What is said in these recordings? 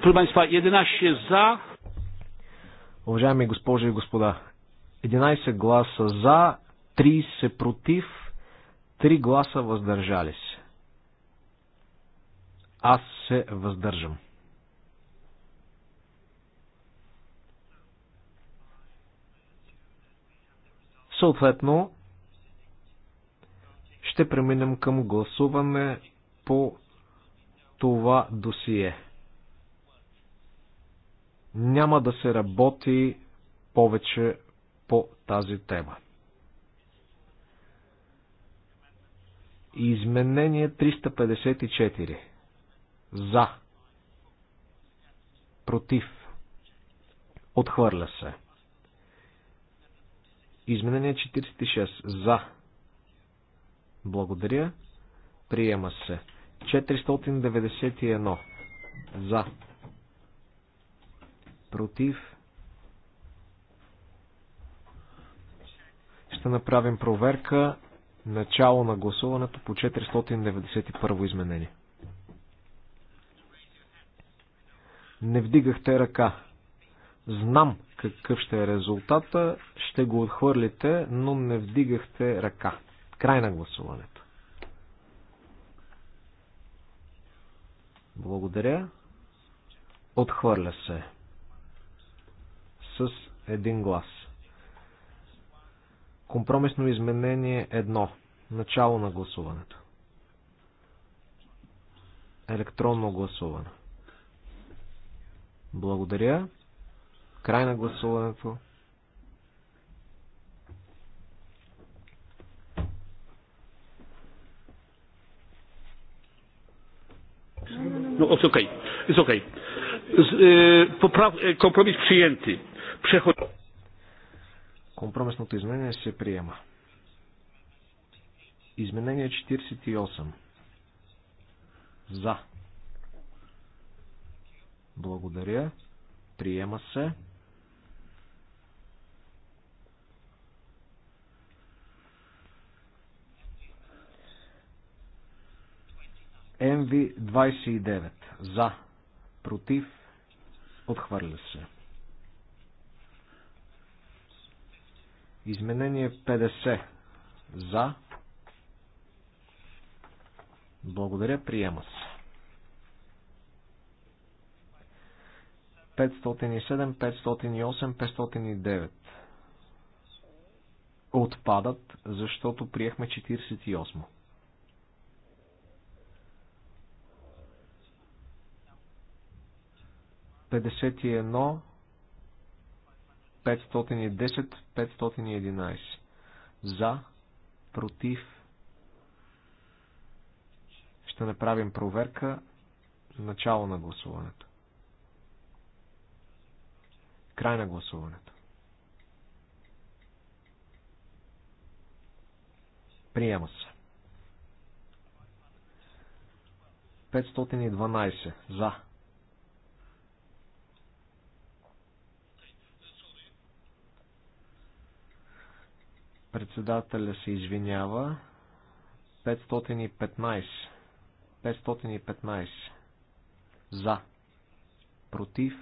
Proszę Państwa, 11 za. Уважаеми госпожи и господа, 11 гласа за, 30 против, 3 гласа въздържали се. Аз се въздържам. Съответно, ще преминем към гласуване по това досие няма да се работи повече по тази тема. Изменение 354. За. Против. Отхвърля се. Изменение 46. За. Благодаря. Приема се. 491. За против. Ще направим проверка начало на гласуването по 491 изменение. Не вдигахте ръка. Знам какъв ще е резултата, ще го отхвърлите, но не вдигахте ръка. Край на гласуването. Благодаря. Отхвърля се с един глас. Компромисно изменение 1. Начало на гласуването. Електронно гласуване. Благодаря. Край на гласуването. No, it's okay. It's okay. Z, y, e, popraw, e, kompromis przyjęty. Преход... Компромисното изменение се приема. Изменение 48. За. Благодаря. Приема се. МВ 29. За. Против. Отхвърля се. Изменение 50. За. Благодаря, приема се. 507, 508, 509 отпадат, защото приехме 48. Петдесет и едно, 510-511. За, против. Ще направим проверка. Начало на гласуването. Край на гласуването. Приема се. 512. За. Председателя се извинява. 515. 515. За. Против.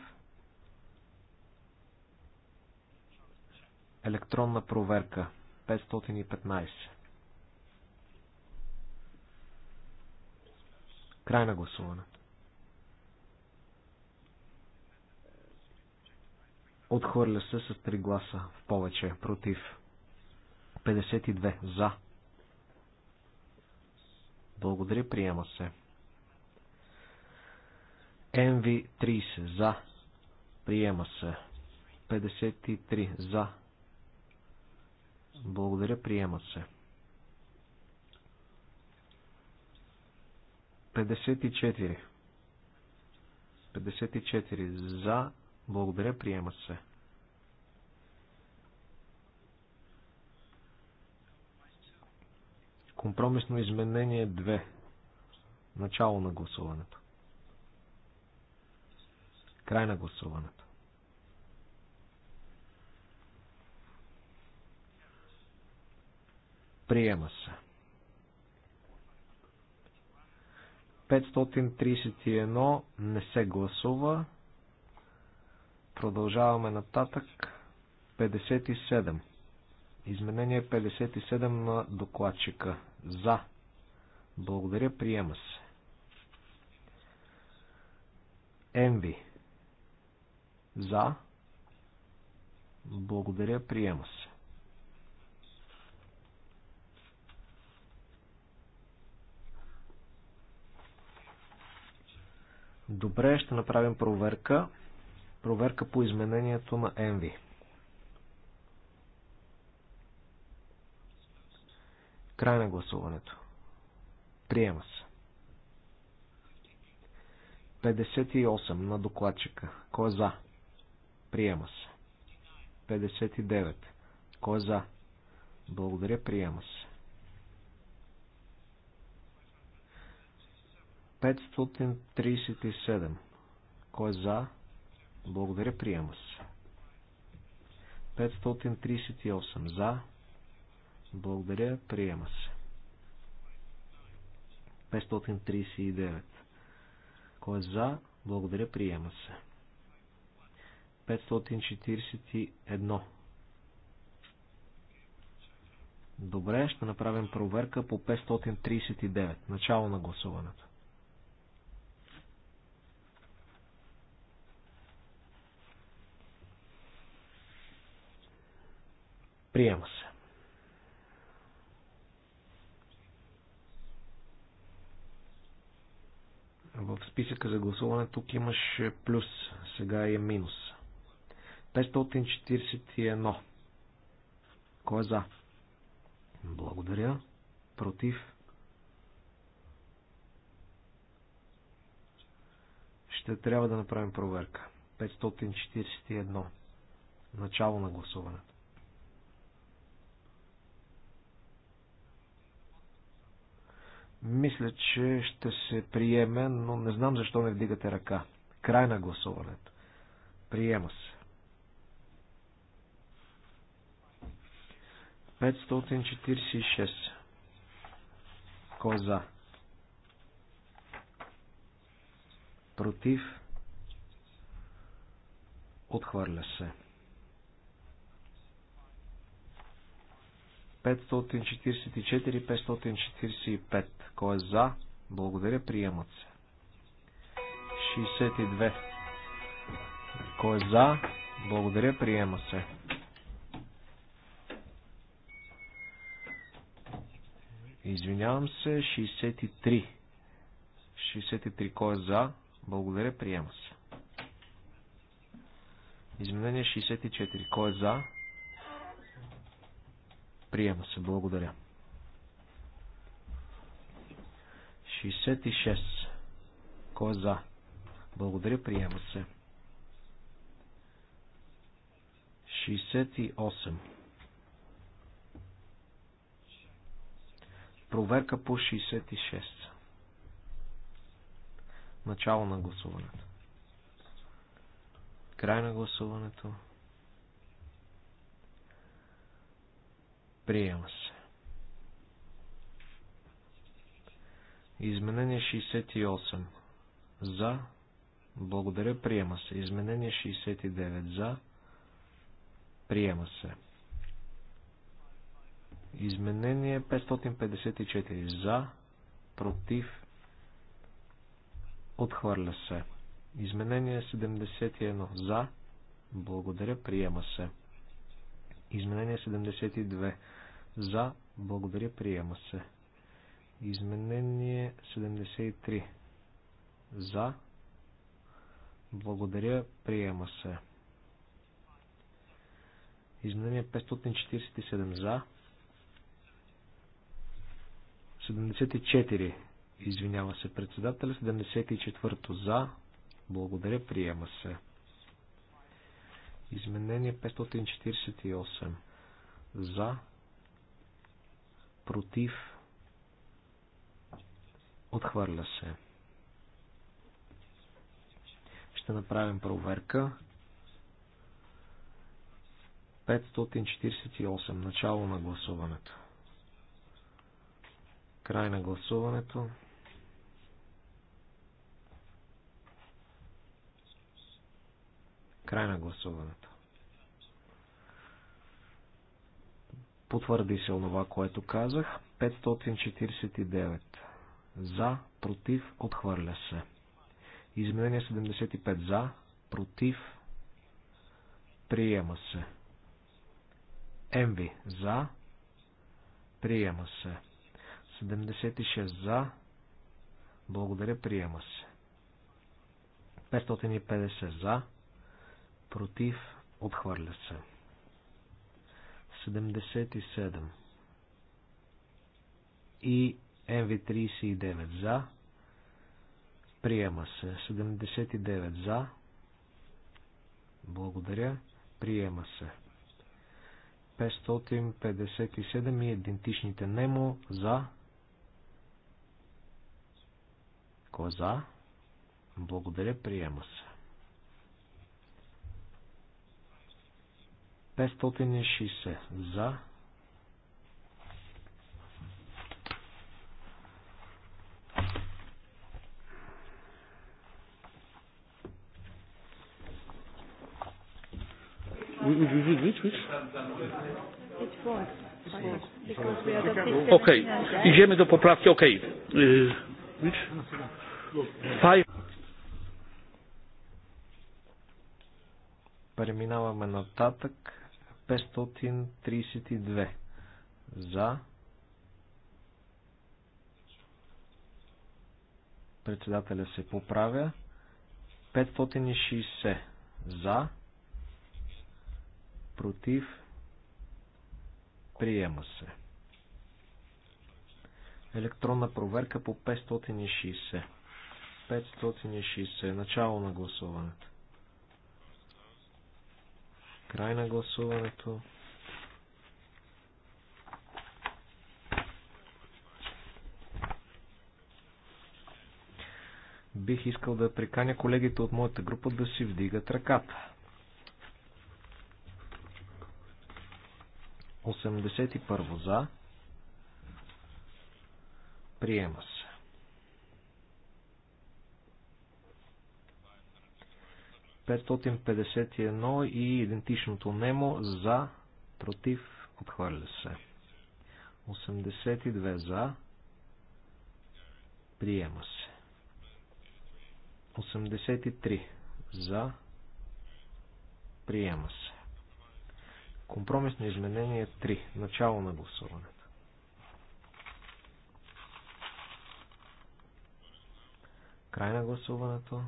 Електронна проверка. 515. Край на гласуването. Отхвърля се с три гласа в повече против. 52. За. Благодаря, приема се. МВ-30. За. Приема се. 53. За. Благодаря, приема се. 54. 54. За. Благодаря, приема се. Компромисно изменение 2. Начало на гласуването. Край на гласуването. Приема се. 531 не се гласува. Продължаваме нататък. 57. Изменение 57 на докладчика. За. Благодаря, приема се. Енви. За. Благодаря, приема се. Добре, ще направим проверка. Проверка по изменението на Енви. Край на гласуването. Приема се. 58 на докладчика. Кой е за? Приема се. 59. Кой е за? Благодаря, приема се. 537. Кой е за? Благодаря, приема се. 538. За. Благодаря. Приема се. 539. Кой е за? Благодаря. Приема се. 541. Добре, ще направим проверка по 539. Начало на гласуването. Приема се. В списъка за гласуване тук имаше плюс, сега е минус. 541. Кой е за? Благодаря. Против. Ще трябва да направим проверка. 541. Начало на гласуването. Мисля, че ще се приеме, но не знам защо не вдигате ръка. Край на гласуването. Приема се. 546. Кой е за? Против? Отхвърля се. 544-545. Кой е за? Благодаря, приемат се. 62. Кой е за? Благодаря, приема се. Извинявам се, 63. 63. Кой е за? Благодаря, приема се. Изменение 64. Кой е за? Приема се. Благодаря. 66. Кой е за? Благодаря, приема се. 68. Проверка по 66. Начало на гласуването. Край на гласуването. Приема се. Изменение 68. За. Благодаря. Приема се. Изменение 69. За. Приема се. Изменение 554. За. Против. Отхвърля се. Изменение 71. За. Благодаря. Приема се. Изменение 72. За. Благодаря. Приема се. Изменение 73. За. Благодаря. Приема се. Изменение 547 за. 74. Извинява се председателя. 74 за. Благодаря. Приема се. Изменение 548. За. Против. Отхвърля се. Ще направим проверка. 548. Начало на гласуването. Край на гласуването. Край на гласуването. Потвърди се онова, което казах. 549 за, против, отхвърля се. Изменение 75 за, против, приема се. МВ за, приема се. 76 за, благодаря, приема се. 550 за, против, отхвърля се. 77 и МВ39 за. Приема се. 79 за. Благодаря. Приема се. 557 и идентичните немо за. Коза. Е Благодаря. Приема се. 560 за Okej, idziemy do poprawki, okej. Okay. Преминаваме нататък. 532 за председателя се поправя 560 за против, приема се. Електронна проверка по 560. 560. Начало на гласуването. Край на гласуването. Бих искал да приканя колегите от моята група да си вдигат ръката. 81 за. Приема се. 551 и идентичното немо за, против, отхвърля се. 82 за, приема се. 83 за, приема се. Компромисно изменение 3. Начало на гласуването. Край на гласуването.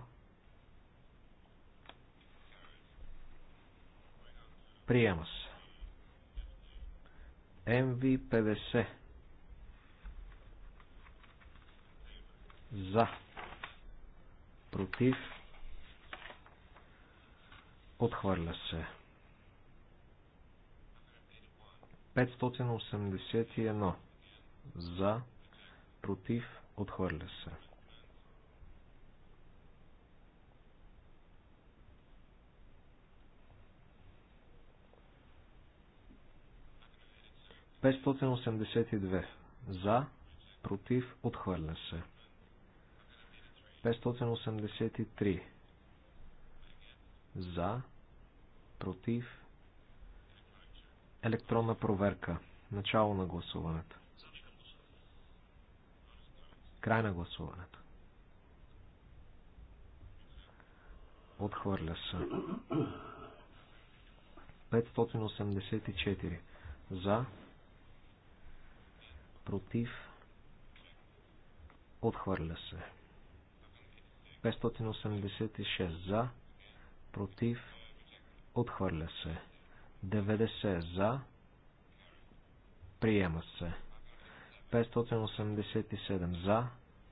Приема се. мв 50 За. Против. Отхвърля се. 581 за, против, отхвърля се. Петстотин за, против, отхвърля се. 583 за, против, електронна проверка. Начало на гласуването. Край на гласуването. Отхвърля се. 584. За. Против. Отхвърля се. 586. За. Против. Отхвърля се. 90 за. Приема се. 587 за.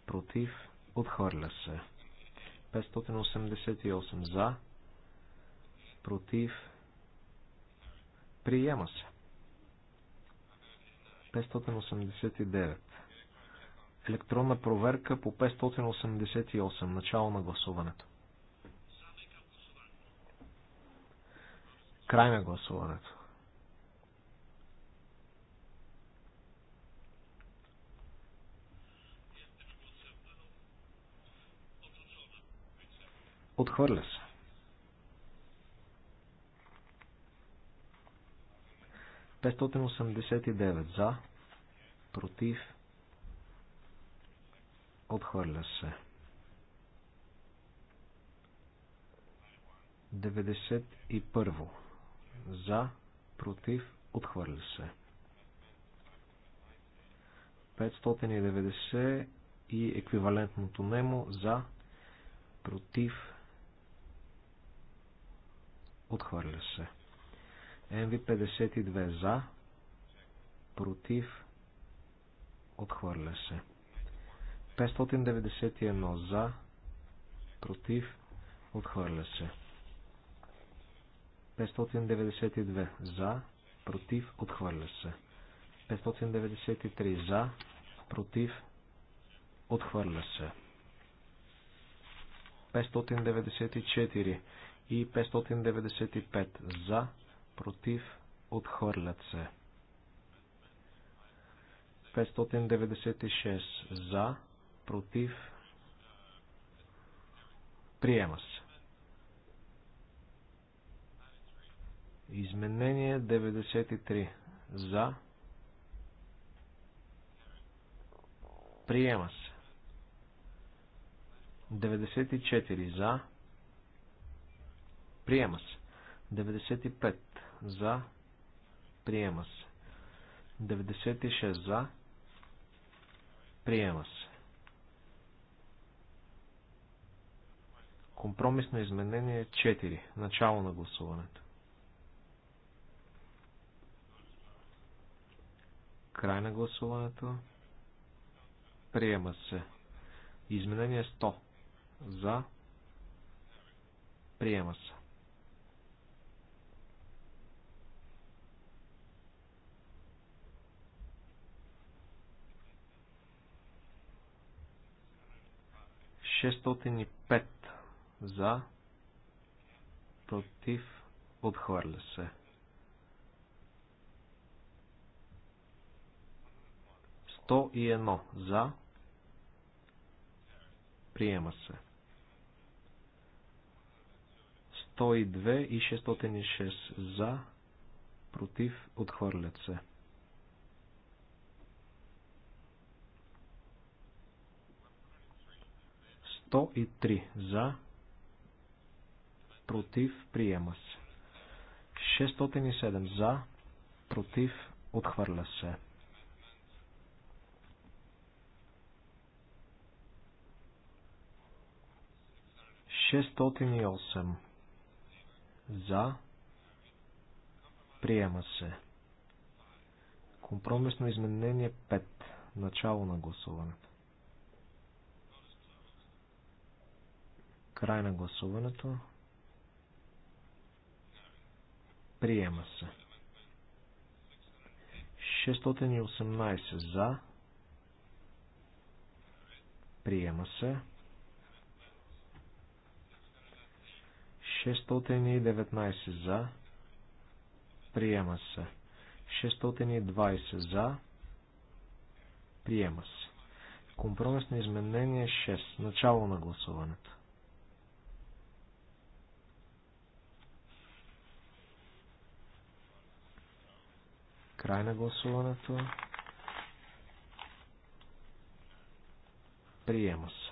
Против. Отхвърля се. 588 за. Против. Приема се. 589. Електронна проверка по 588. Начало на гласуването. Край на гласуването. Отхвърля се. Петстотин за, против, отхвърля се. 91 за, против, отхвърля се. 590 и еквивалентното немо за, против, отхвърля се. МВ-52 за, против, отхвърля се. 591 за, против, отхвърля се. 592 за, против, отхвърля се. 593 за, против, отхвърля се. 594 и 595 за, против, отхвърлят се. 596 за, против, приема се. Изменение 93. За. Приема се. 94. За. Приема се. 95. За. Приема се. 96. За. Приема се. Компромисно изменение 4. Начало на гласуването. Край на гласуването. Приема се. Изменение 100. За. Приема се. Шестотин и пет за, против, отхвърля се. 101 за. Приема се. 102 и 606 за. Против. Отхвърлят се. 103 за. Против. Приема се. 607 за. Против. Отхвърля се. 608. За. Приема се. Компромисно изменение 5. Начало на гласуването. Край на гласуването. Приема се. 618 за. Приема се. 619 за. Приема се. 620 за. Приема се. Компромис на изменение 6. Начало на гласуването. Край на гласуването. Приема се.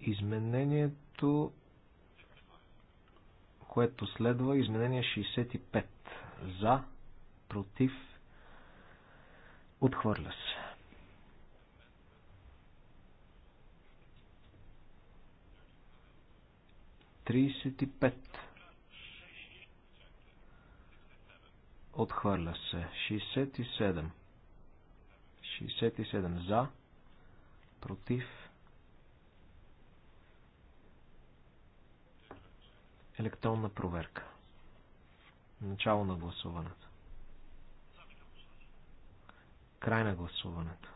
Изменението, което следва, изменение 65. За, против, отхвърля се. Тридесет и пет. Отхвърля се. 67. 67 за. Против. Електронна проверка. Начало на гласуването. Край на гласуването.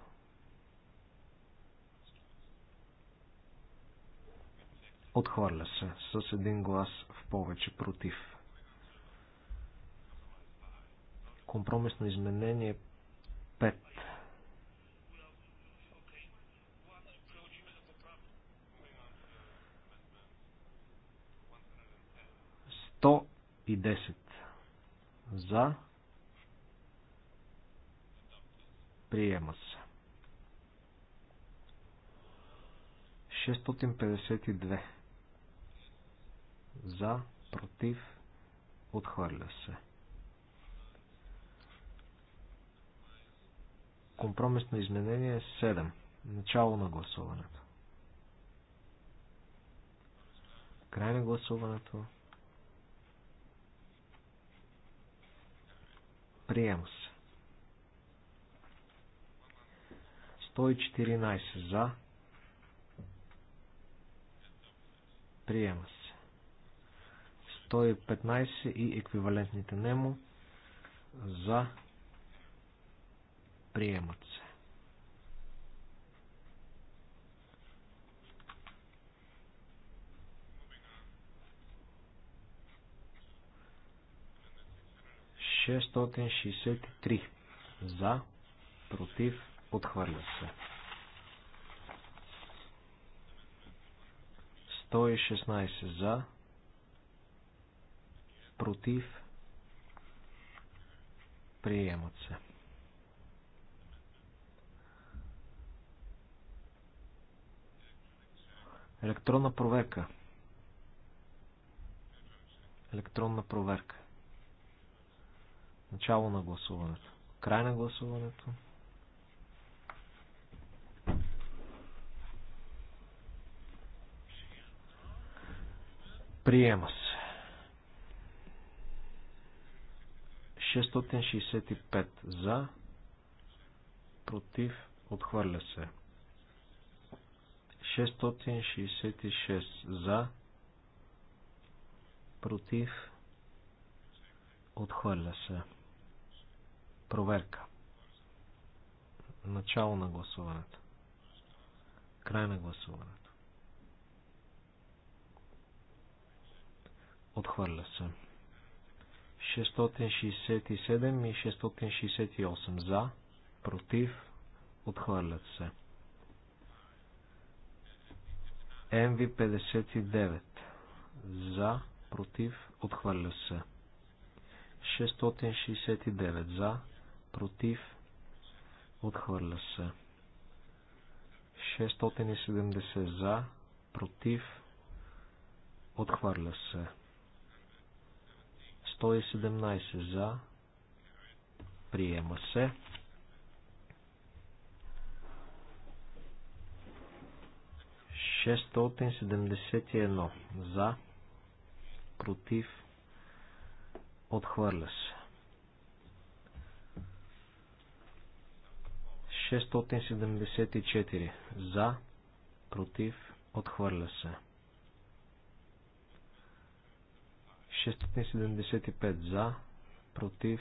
Отхвърля се с един глас в повече против. Компромисно изменение 5. 110 за. Приема се. 652 за, против, отхвърля се. Компромисно изменение 7. Начало на гласуването. Край на гласуването. Приема се. 114 за. Приема се. 115 и еквивалентните нему за. Приемат се. 663 за, против, отхвърля се. 116 за, против, приемат се. Електронна проверка. Електронна проверка. Начало на гласуването. Край на гласуването. Приема се. 665 за, против, отхвърля се. 666 за, против, отхвърля се. Проверка. Начало на гласуването. Край на гласуването. Отхвърля се. 667 и 668 за, против, отхвърлят се. МВ-59 за, против, отхвърля се. 669 за, против, отхвърля се. 670 за, против, отхвърля се. 117 за, приема се. Шестстотин седемдесет и едно за, против, отхвърля се. 674 за, против, отхвърля се. 675 за, против,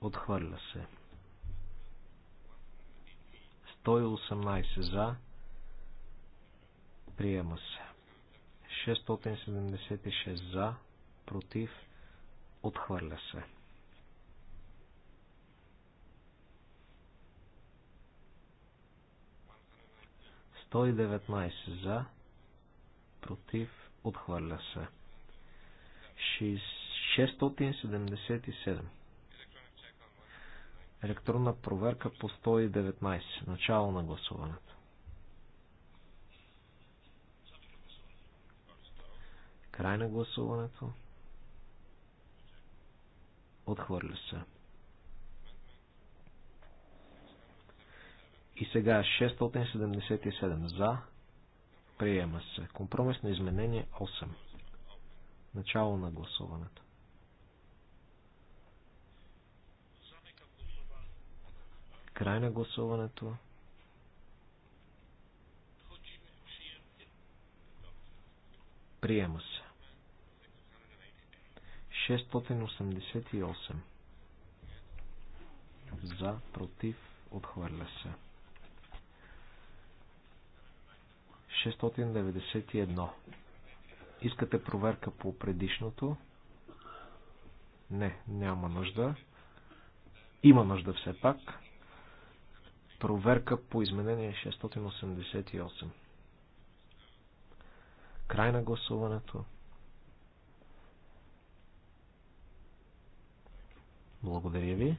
отхвърля се. 118 за, приема се. 676 за, против, отхвърля се. 119 за, против, отхвърля се. 677. Електронна проверка по 119. Начало на гласуването. Край на гласуването. Отхвърля се. И сега 677 за. Приема се. Компромис на изменение 8. Начало на гласуването. Край на гласуването. Приема се. 688. За, против, отхвърля се. 691. Искате проверка по предишното? Не, няма нужда. Има нужда все пак. Проверка по изменение 688. Край на гласуването. Благодаря ви.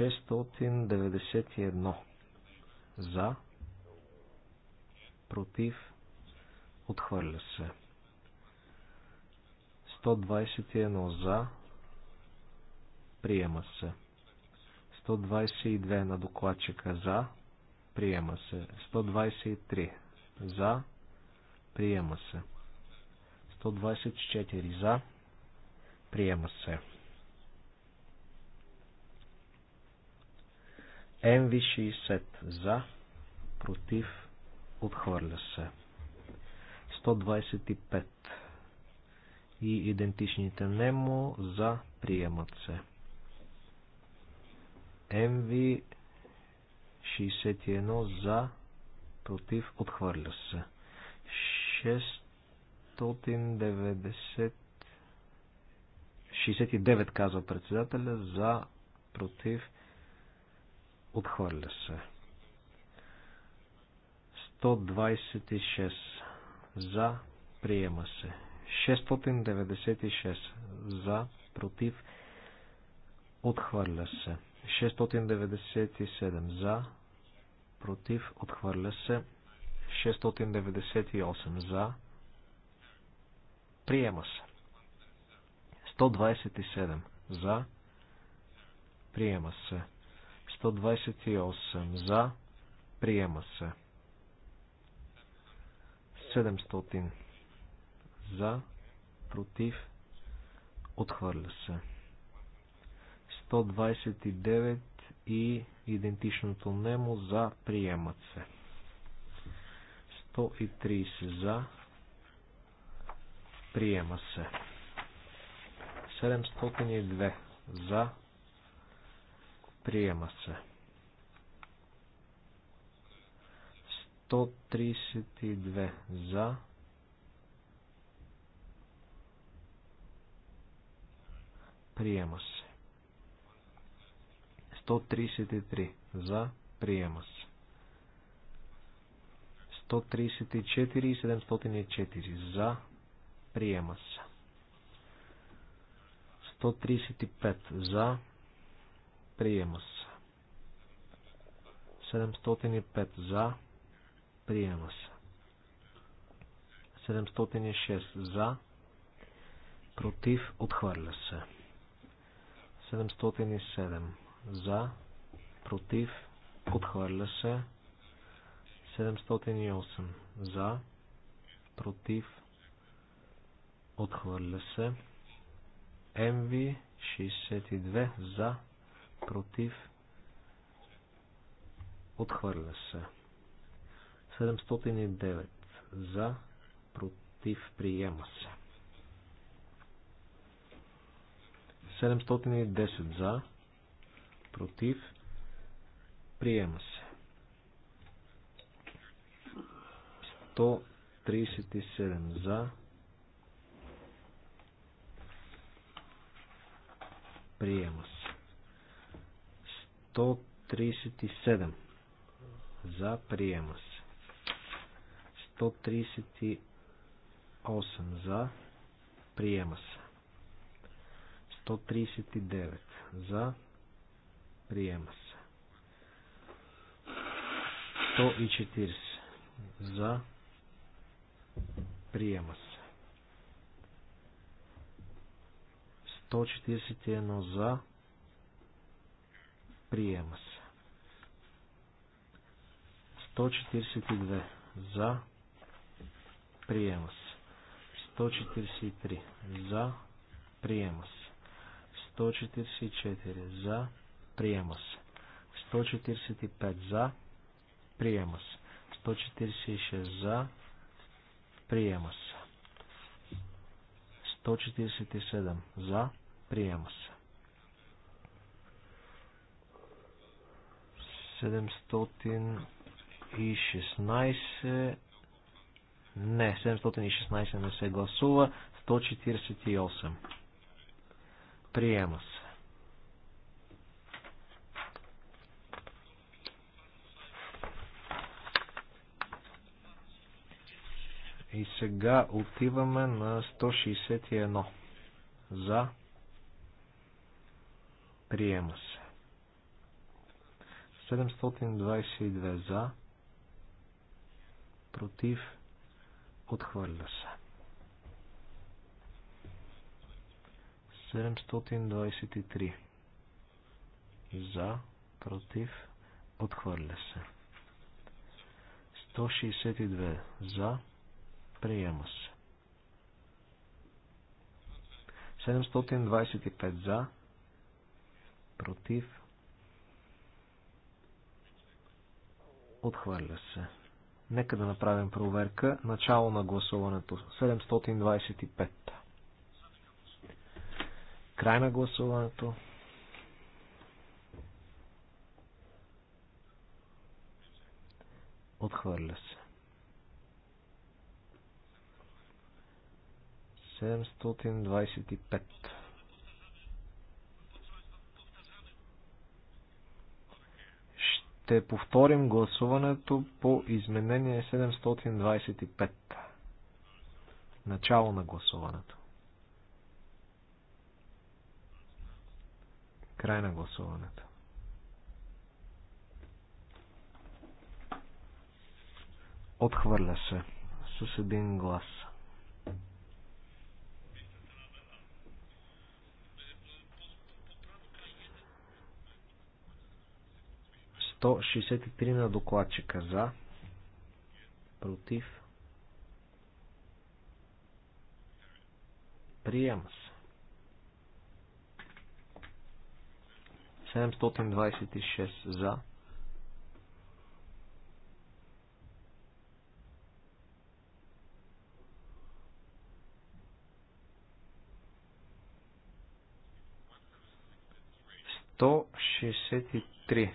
691 за против, отхвърля се. 121 за, приема се. 122 на докладчика за, приема се. 123 за, приема се. 124 за, приема се. МВ60 за, против, Отхвърля се. 125. И идентичните немо за приемат се. МВ 61 за против отхвърля се. 690 69 казва председателя за против отхвърля се. 126 за, приема се. 696 за, против, отхвърля се. 697 за, против, отхвърля се. 698 за, приема се. 127 за, приема се. 128 за, приема се. 700 за, против, отхвърля се. 129 и идентичното немо за, приемат се. 130 за, приема се. 702 за, приема се. 132 за. Приема се. 133 за. Приема се. 134 и 704 за. Приема се. 135 за. Приема се. 705 за Приема се. 706 за. Против. Отхвърля се. 707 за. Против. Отхвърля се. 708 за. Против. Отхвърля се. МВ 62 за. Против. Отхвърля се. 709 за, против, приема се. 710 за, против, приема се. 137 за, приема се. 137 за, приема се. 138 за. Приема се. 139 за. Приема се. 140 за. Приема се. 141 за. Приема се. 142 за. Приема се. Приема се. 143. За. Приема се. 144. За. Приема се. 145. За. Приема се. 146. За. Приема се. 147. За. Приема се. 716 не, 716 не се гласува. 148. Приема се. И сега отиваме на 161. За. Приема се. 722 за. Против. 1 Отхвърля 723. За, против, отхвърля се. 162. За, приема се. 725 за, против, отхвърля се. Нека да направим проверка. Начало на гласуването. 725. Край на гласуването. Отхвърля се. 725. ще повторим гласуването по изменение 725. Начало на гласуването. Край на гласуването. Отхвърля се с един глас. 163 на докладчика за, против, приема се. 726 за, Сто шестьдесят три.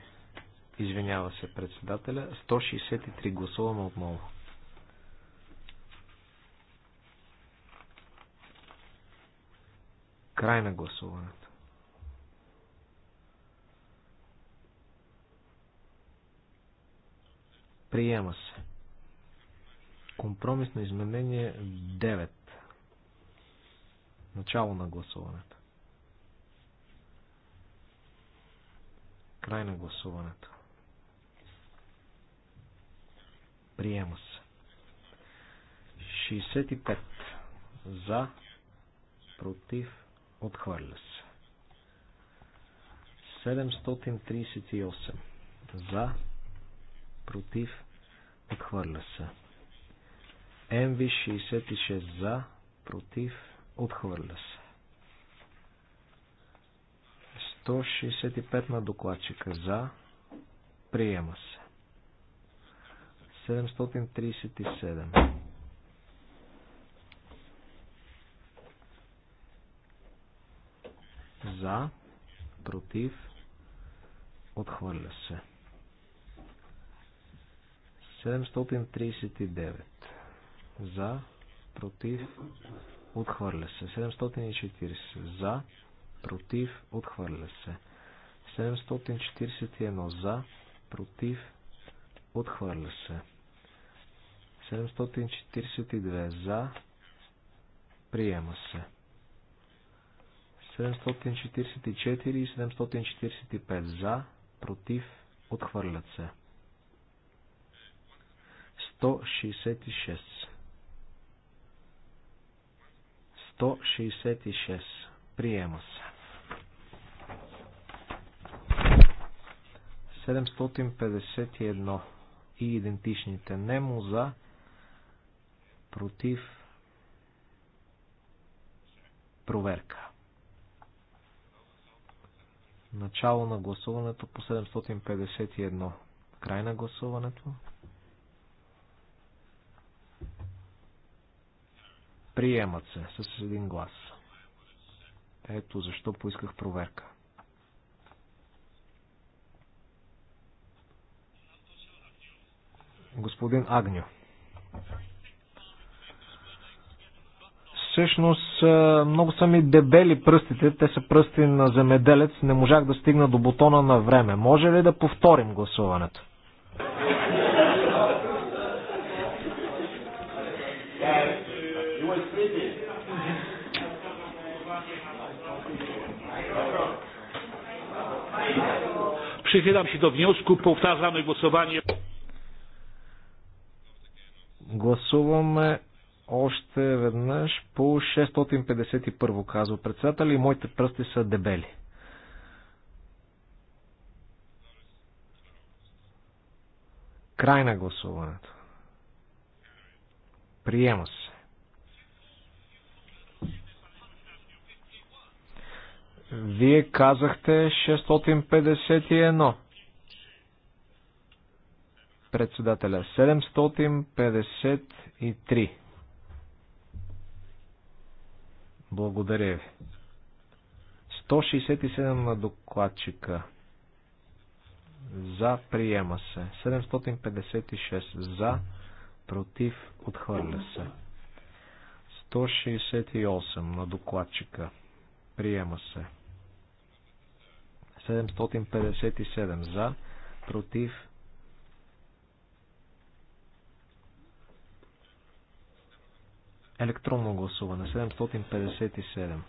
Извинява се председателя. 163 гласуваме отново. Край на гласуването. Приема се. Компромисно изменение 9. Начало на гласуването. Край на гласуването. Приема се. 65. За. Против. Отхвърля се. 738. За. Против. Отхвърля се. МВ 66 за, против, отхвърля се. 165 на докладчика за, приема се. 737. За, против, отхвърля се. 739. За, против, отхвърля се. 740. За, против, отхвърля се. 741. За, против, отхвърля се. 742 за. Приема се. 744 и 745 за. Против. Отхвърлят се. 166. 166. Приема се. 751 и идентичните немо за против, проверка. Начало на гласуването по 751. Край на гласуването. Приемат се с един глас. Ето защо поисках проверка. Господин Агню всъщност много са ми дебели пръстите, те са пръсти на земеделец, не можах да стигна до бутона на време. Може ли да повторим гласуването? Przychylam się do wniosku, powtarzamy głosowanie. Głosujemy още веднъж по 651 казва председател, и моите пръсти са дебели. Край на гласуването. Приема се. Вие казахте 651. Председателя 753. Благодаря ви. 167 на докладчика. За приема се. 756 за. Против отхвърля се. 168 на докладчика. Приема се. 757 за. Против Електронно гласуване. 757.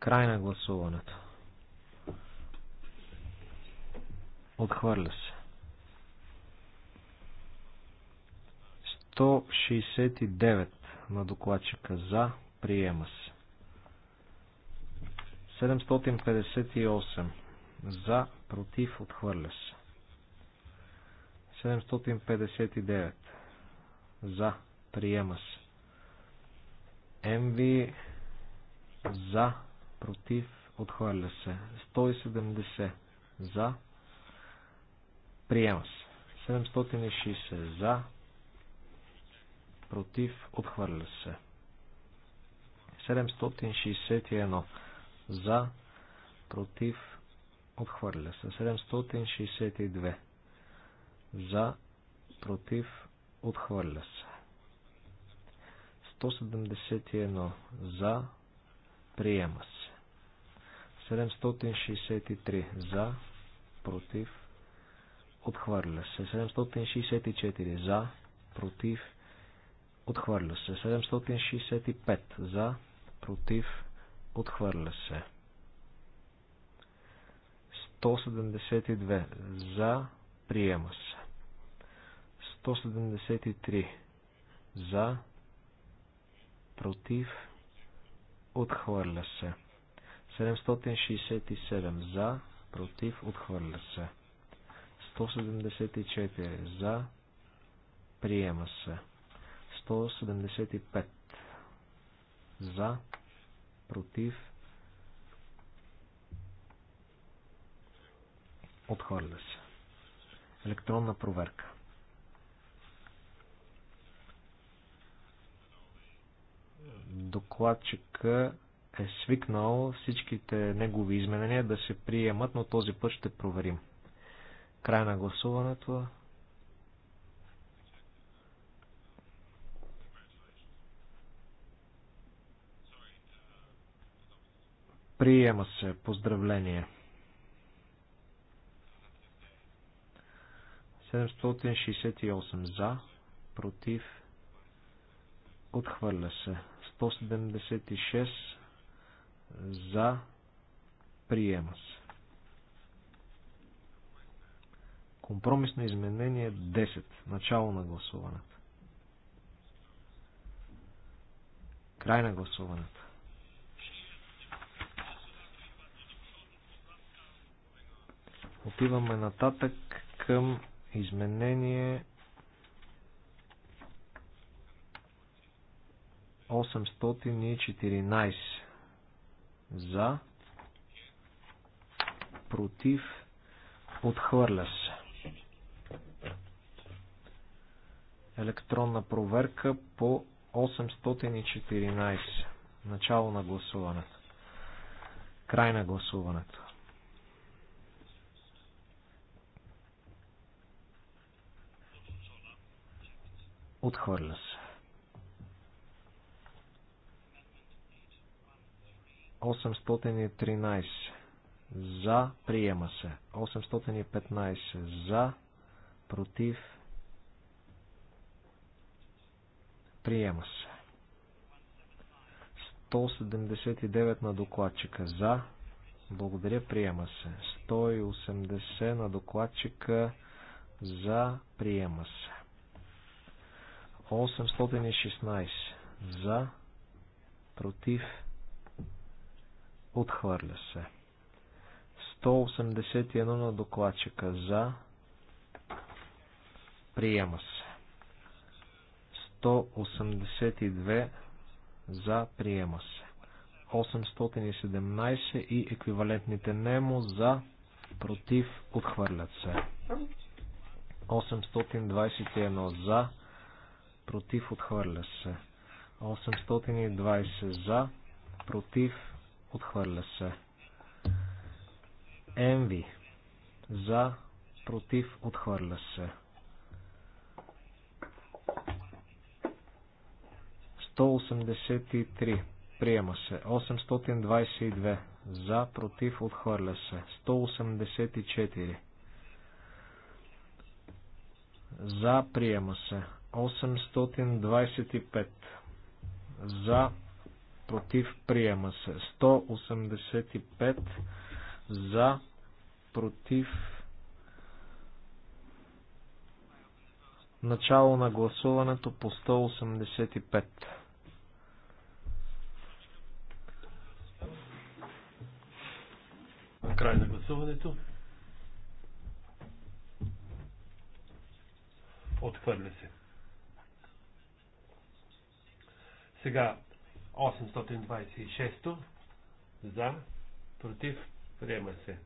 Край на гласуването. Отхвърля се. 169 на докладчика за. Приема се. 758 за, против, отхвърля се. 759 за, приема се. МВ за, против, отхвърля се. 170 за, приема се. 760 за, против, отхвърля се. 761 за, против, отхвърля се. 762 за, против, отхвърля се. 171 за, приема се. 763 за, против, отхвърля се. 764 за, против, отхвърля се. 765 за, против, отхвърля се. 172 за, приема се. 173 за, против, отхвърля се. 767 за, против, отхвърля се. 174 за, приема се. 175 за, против, отхвърля се. Електронна проверка. докладчика е свикнал всичките негови изменения да се приемат, но този път ще проверим. Край на гласуването. Приема се. Поздравление. 768 за, против, отхвърля се. 176 за приема се. Компромисно изменение 10. Начало на гласуването. Край на гласуването. Отиваме нататък към изменение 11. 814 за, против, отхвърля се. Електронна проверка по 814. Начало на гласуването. Край на гласуването. Отхвърля се. 813 за, приема се. 815 за, против, приема се. 179 на докладчика за, благодаря, приема се. 180 на докладчика за, приема се. 816 за, против, приема се. Отхвърля се. 181 на докладчика за. Приема се. 182 за. Приема се. 817 и еквивалентните немо за. Против. Отхвърлят се. 821 за. Против. Отхвърля се. 820 за. Против Отхвърля се. Енви. За. Против. Отхвърля се. 183. Приема се. 822. За. Против. Отхвърля се. 184. За. Приема се. 825. За против, приема се. 185 за, против, начало на гласуването по 185. Край на гласуването. Отхвърля се. Сега 826 за, против, приема се.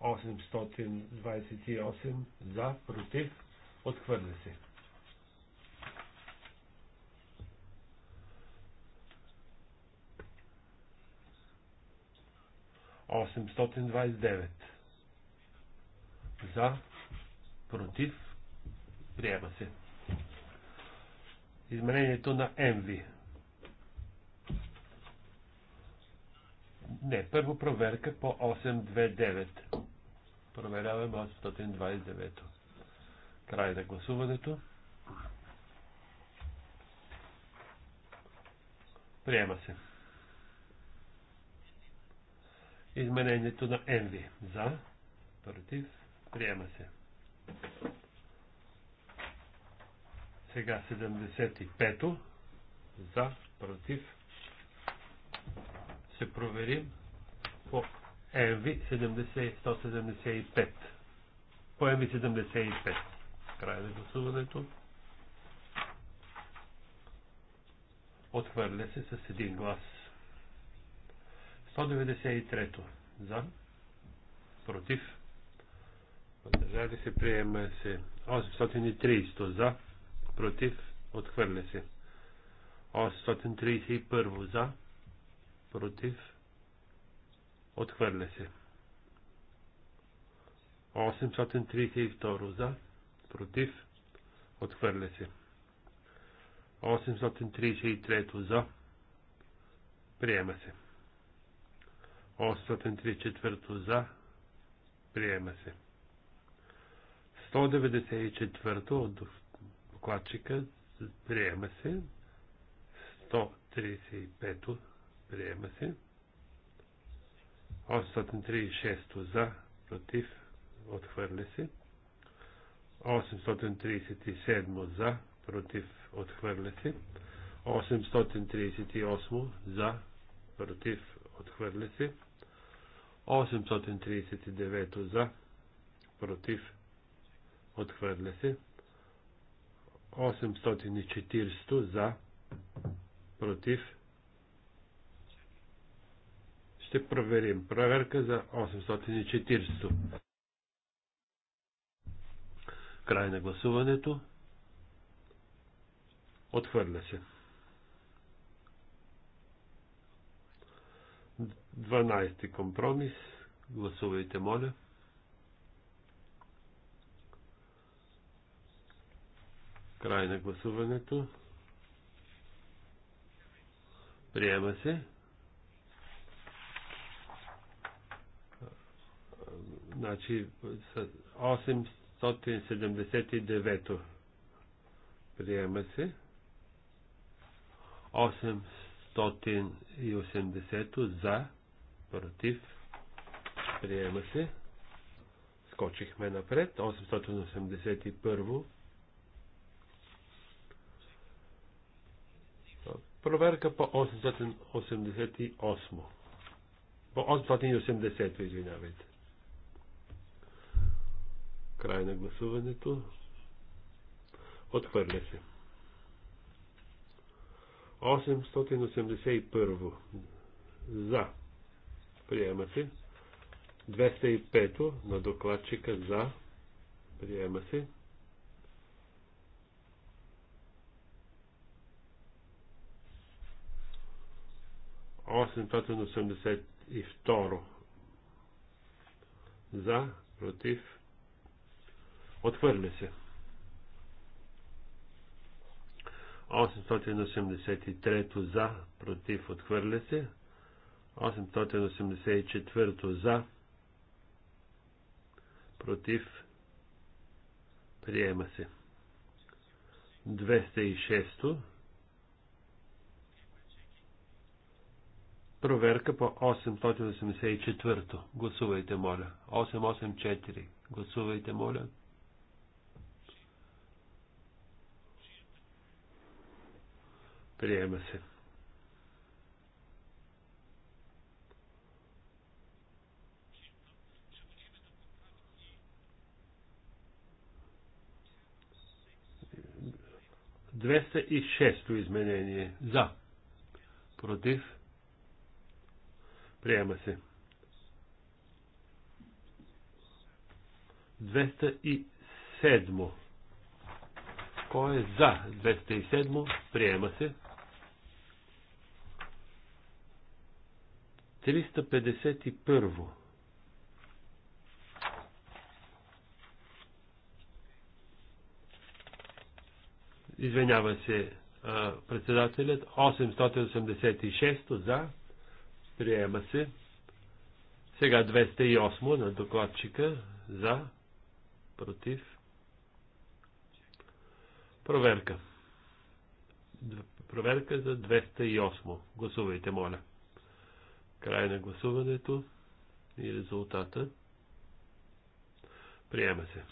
828 за, против, отхвърля се. Осемстотин за, против, приема се изменението на MV. Не, първо проверка по 829. Проверяваме 829. Край на гласуването. Приема се. Изменението на Envy. За. Против. Приема се. Сега 75-то. За, против. Се проверим по ЕВИ 175. По MV 75. Край на гласуването. Отхвърля се с един глас. 193-то. За. Против. Въздържали се приема се 830 за против, отхвърля се. 831 за, против, отхвърля се. 832 за, против, отхвърля се. 833 за, приема се. 834 за, приема се. 194 от докладчика. Приема се. 135 приема се. 836 за, против, отхвърля се. 837 за, против, отхвърля се. 838 за, против, отхвърля се. 839 за, против, отхвърля се. 840 за, против. Ще проверим. Проверка за 840. Край на гласуването. Отхвърля се. 12 компромис. Гласувайте, моля. Край на гласуването. Приема се. Значи 879. Приема се. 880 за, против, приема се. Скочихме напред. 881 Проверка по 888. По 880, извинявайте. Край на гласуването. Отхвърля се. 881. За. Приема се. 205 на докладчика за. Приема се. 882 за, против, отхвърля се. 883 за, против, отхвърля се. 884 за, против, приема се. 206 Проверка по 884. Гласувайте, моля. 884. Гласувайте, моля. Приема се. Двеста и шесто изменение. За. Против. Приема се. 207. Кой е за 207? Приема се. 351. Извинява се председателят. 886 за. Приема се. Сега 208 на докладчика. За. Против. Проверка. Проверка за 208. Гласувайте, моля. Край на гласуването и резултата. Приема се.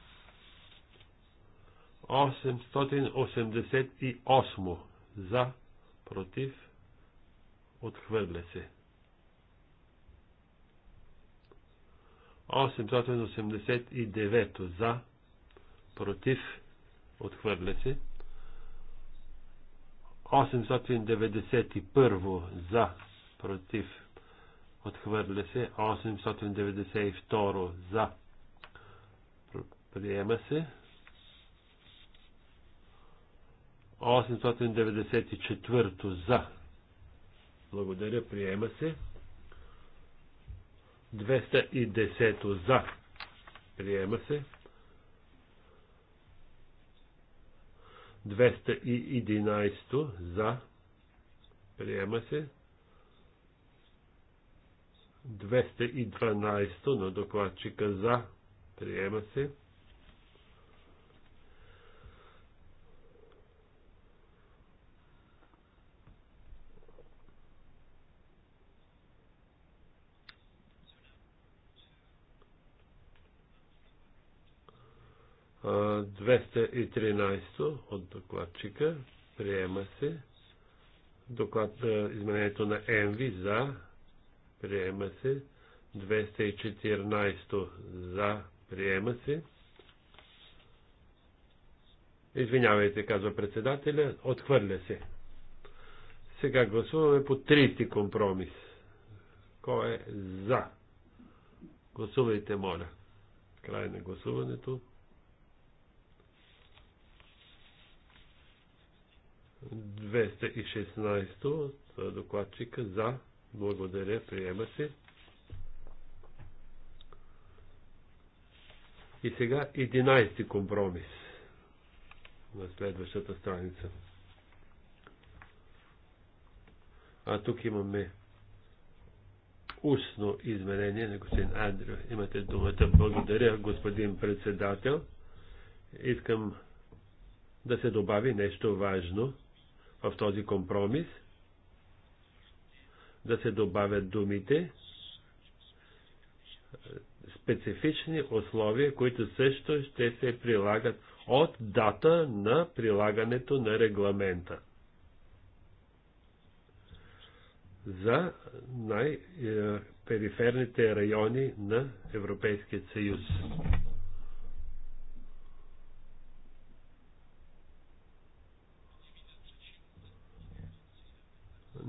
888 за, против, отхвърля се. 889 за, против, отхвърля се. 891 за, против, отхвърля се. 892 за, приема се. 894 за. Благодаря, приема се. 210 за. Приема се. 211 за. Приема се. 212 на докладчика за. Приема се. 213 от докладчика. Приема се. Доклад изменението на ЕНВИ за. Приема се. 214 за. Приема се. Извинявайте, казва председателя. Отхвърля се. Сега гласуваме по трети компромис. Кой е за? Гласувайте, моля. Край на гласуването. 216 от докладчика за. Благодаря, приема се. И сега 11 компромис на следващата страница. А тук имаме устно изменение на господин Андрю. Имате думата. Благодаря, господин председател. Искам да се добави нещо важно – в този компромис да се добавят думите е, специфични условия, които също ще се прилагат от дата на прилагането на регламента за най-периферните е, райони на Европейския съюз.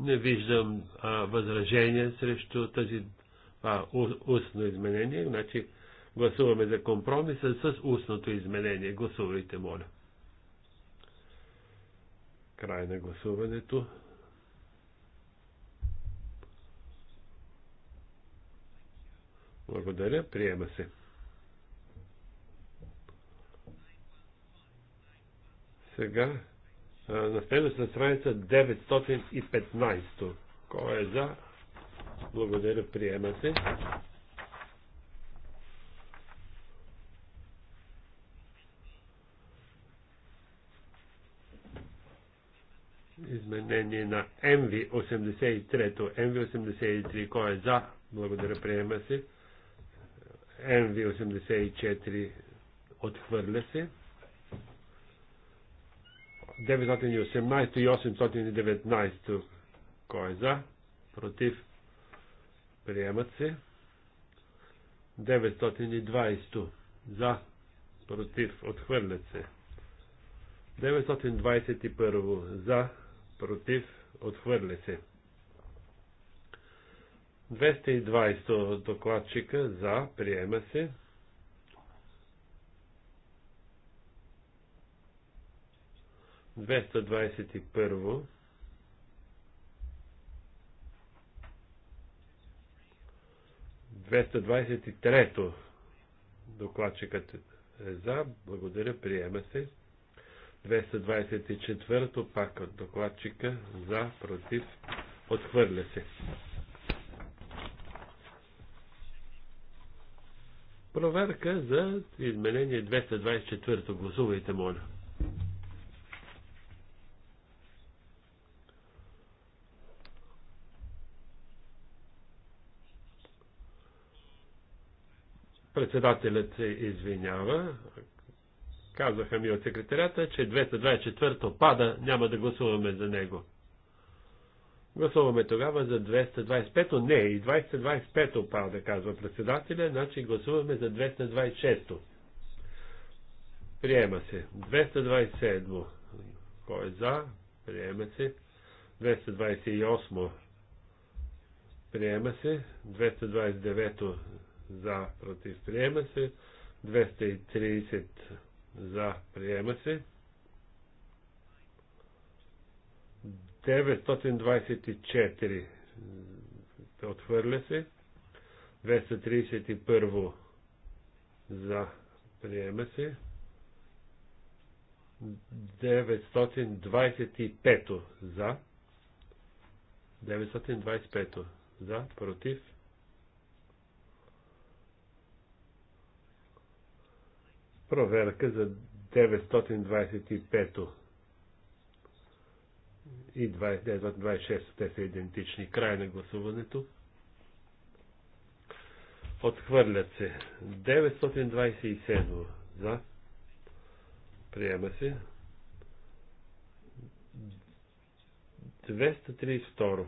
Не виждам а, възражения срещу тази а, устно изменение. Значи гласуваме за компромиса с устното изменение. Гласувайте, моля. Край на гласуването. Благодаря. Приема се. Сега на следващата страница 915. Е Кой е за? Благодаря, приема се. Изменение на МВ-83. МВ-83. Кой е за? Благодаря, приема се. МВ-84 отхвърля се. 918 и 819. Кой е за? Против? Приемат се. 920. За? Против? Отхвърлят се. 921. За? Против? Отхвърля се. 220 докладчика за, приема се. 221. Двеста двадесет Докладчикът е за. Благодаря. Приема се. 224 то пак от докладчика за, против, отхвърля се. Проверка за изменение 224. то Гласувайте, моля. Председателят се извинява. Казаха ми от секретарята, че 224-то пада, няма да гласуваме за него. Гласуваме тогава за 225-то. Не, и 225-то пада, казва председателя, значи гласуваме за 226-то. Приема се. 227-то. Кой е за? Приема се. 228-то. Приема се. 229-то за, против, приема се. 230 за, приема се. 924 отхвърля се. 231 за, приема се. 925 за. 925 за, против, проверка за 925 и 926, те са идентични. Край на гласуването. Отхвърлят се. 927 за. Приема се. 232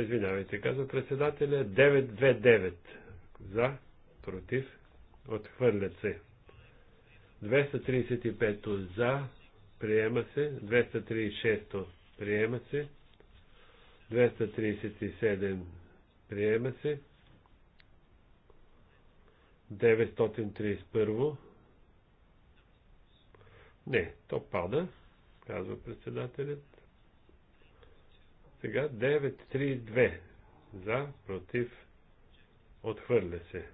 Извинявайте, казва председателя. 929 за, против, отхвърлят се. 235 за, приема се. 236 приема се. 237 приема се. 931. Не, то пада, казва председателят. Сега 932 за, против, отхвърля се.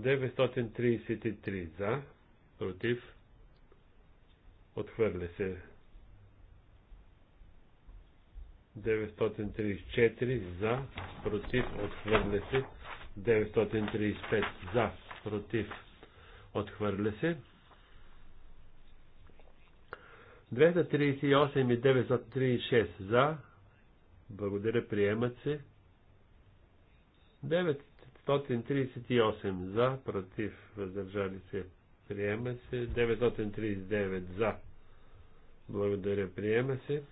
933 за, против, отхвърля се. 934 за, против, отхвърля се. 935 за, против, отхвърля се. 238 и 936 за, благодаря, приемат се. 938 за, против, въздържали се, приема се. 939 за, благодаря, приема се.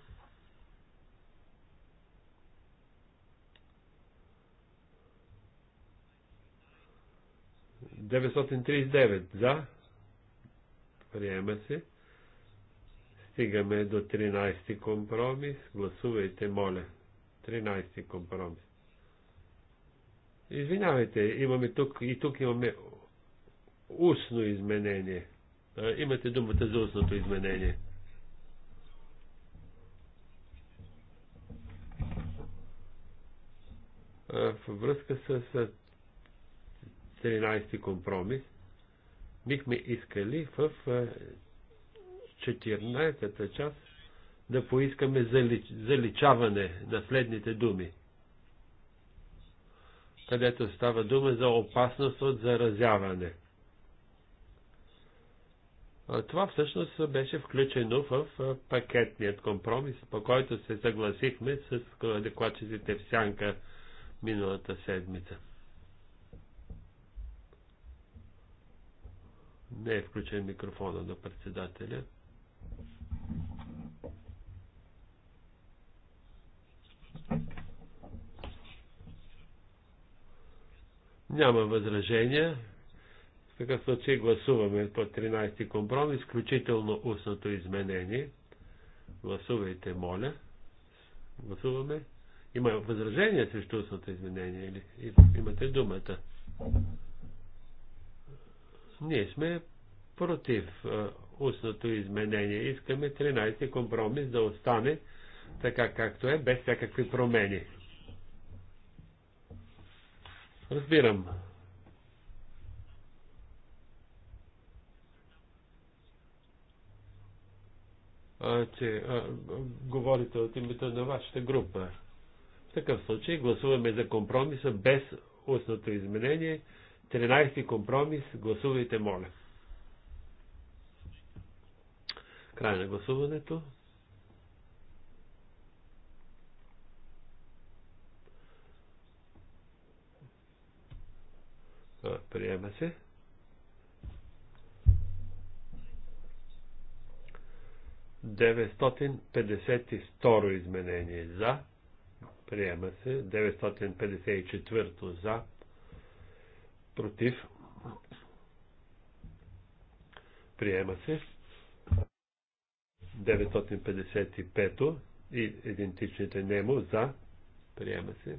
Деветстотин за. Приема се. Стигаме до 13 компромис. Гласувайте, моля. 13 компромис. Извинявайте, имаме тук и тук имаме устно изменение. Имате думата за устното изменение. В връзка с 13 компромис, бихме искали в 14-та част да поискаме залич, заличаване на следните думи, където става дума за опасност от заразяване. Това всъщност беше включено в пакетният компромис, по който се съгласихме с декладчиците в Сянка миналата седмица. Не е включен микрофона на председателя. Няма възражения. В такъв случай гласуваме по 13 компромис, включително устното изменение. Гласувайте, моля. Гласуваме. Има възражение срещу устното изменение или имате думата? Ние сме против устното изменение. Искаме 13 компромис да остане така както е, без всякакви промени. Разбирам. че а, говорите от името на вашата група. В такъв случай гласуваме за компромиса без устното изменение. 13-ти компромис. Гласувайте, моля. Край на гласуването. Приема се. Деветстотин изменение за. Приема се. 954 за. Против. Приема се. 955 и идентичните немо за. Приема се.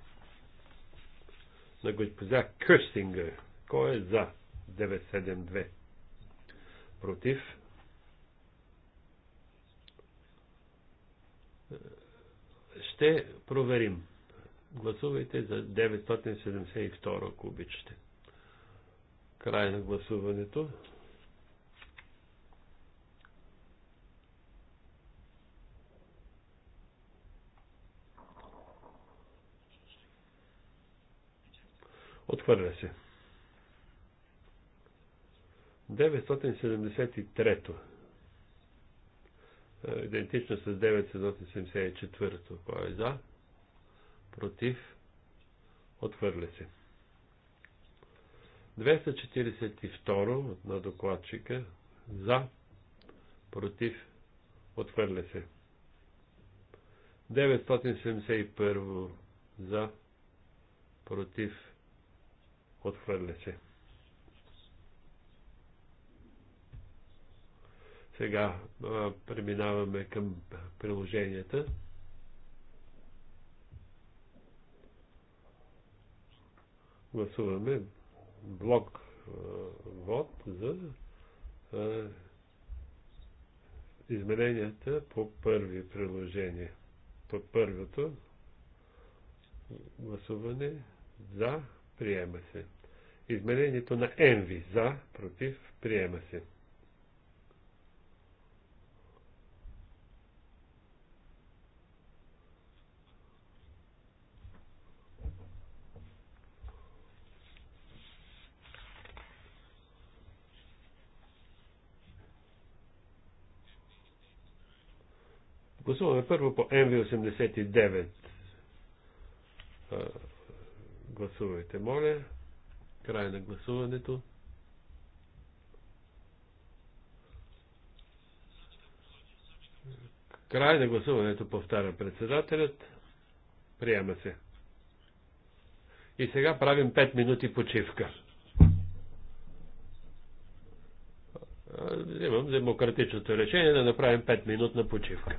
на госпожа Кюстингер. Кой е за 972? Против? Ще проверим. Гласувайте за 972, ако обичате. Край на гласуването. Отхвърля се. 973 е, Идентично с 974-то. Кой е за? Против? Отхвърля се. 242 на докладчика. За? Против? Отхвърля се. 971 за? Против? Отхвърля се. Сега а, преминаваме към приложенията. Гласуваме блок а, вод за а, измененията по първи приложение. По първото гласуване за приема се. Измерението на Енви за, против, приема се. Гласуваме първо по МВ-89 гласувайте, моля. Край на гласуването. Край на гласуването, повтаря председателят. Приема се. И сега правим 5 минути почивка. Имам демократичното решение да направим 5 минутна почивка.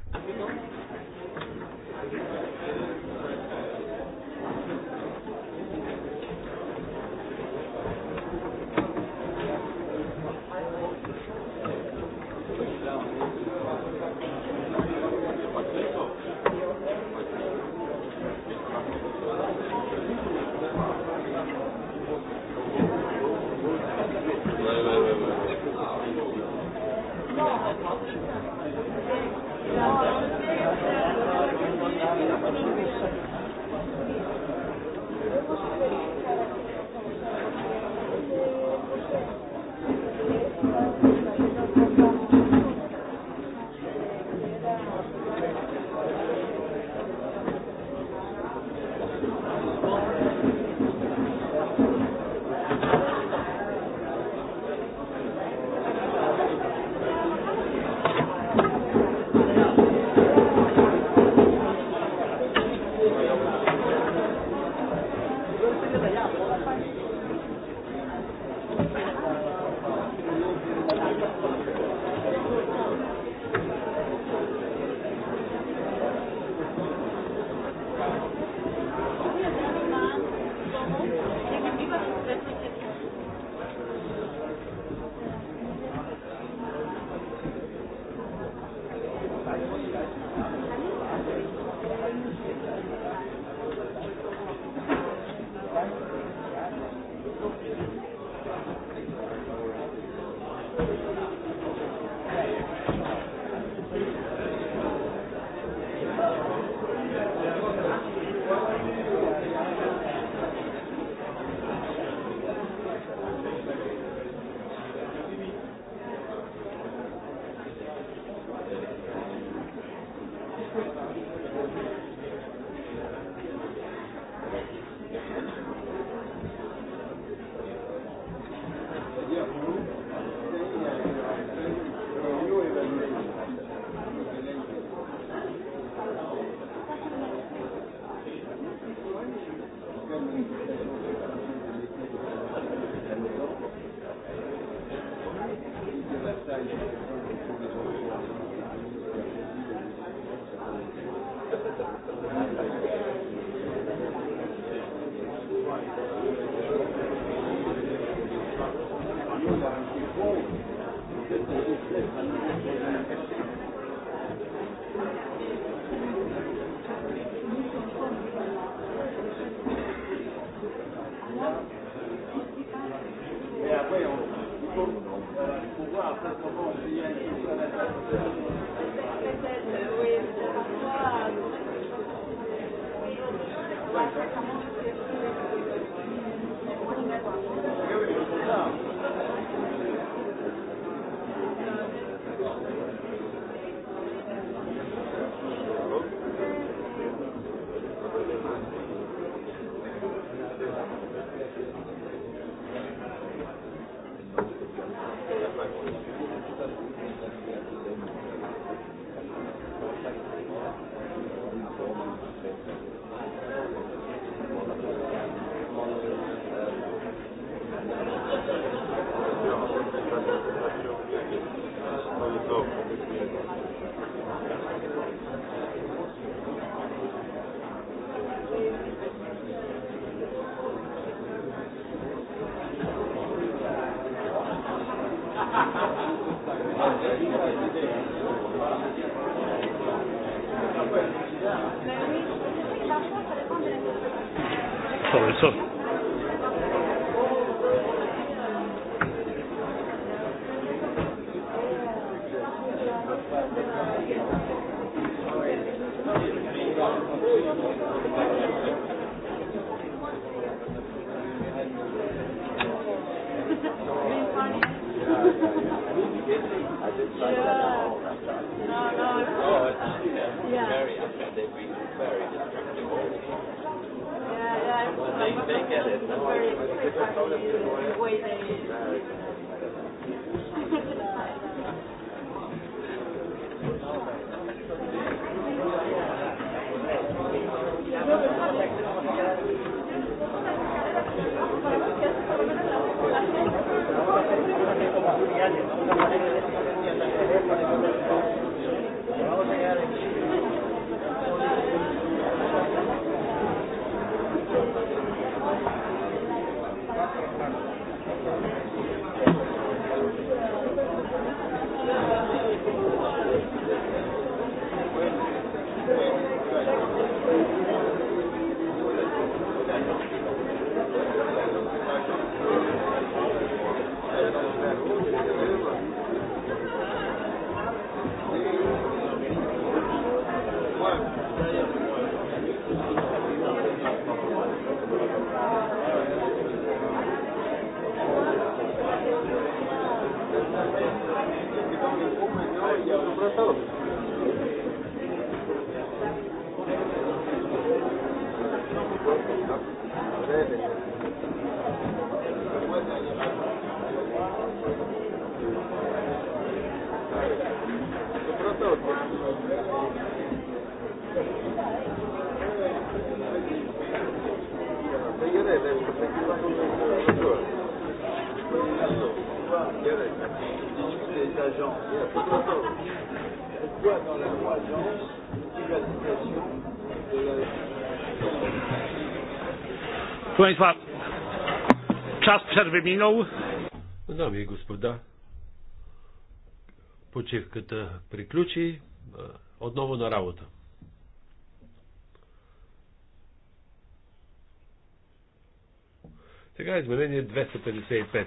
voit dans la croissance et l'application de la. Państwa, czas przerwy minął. Dami i господа, почивката приключи. Отново на работа. Сега изменение 255.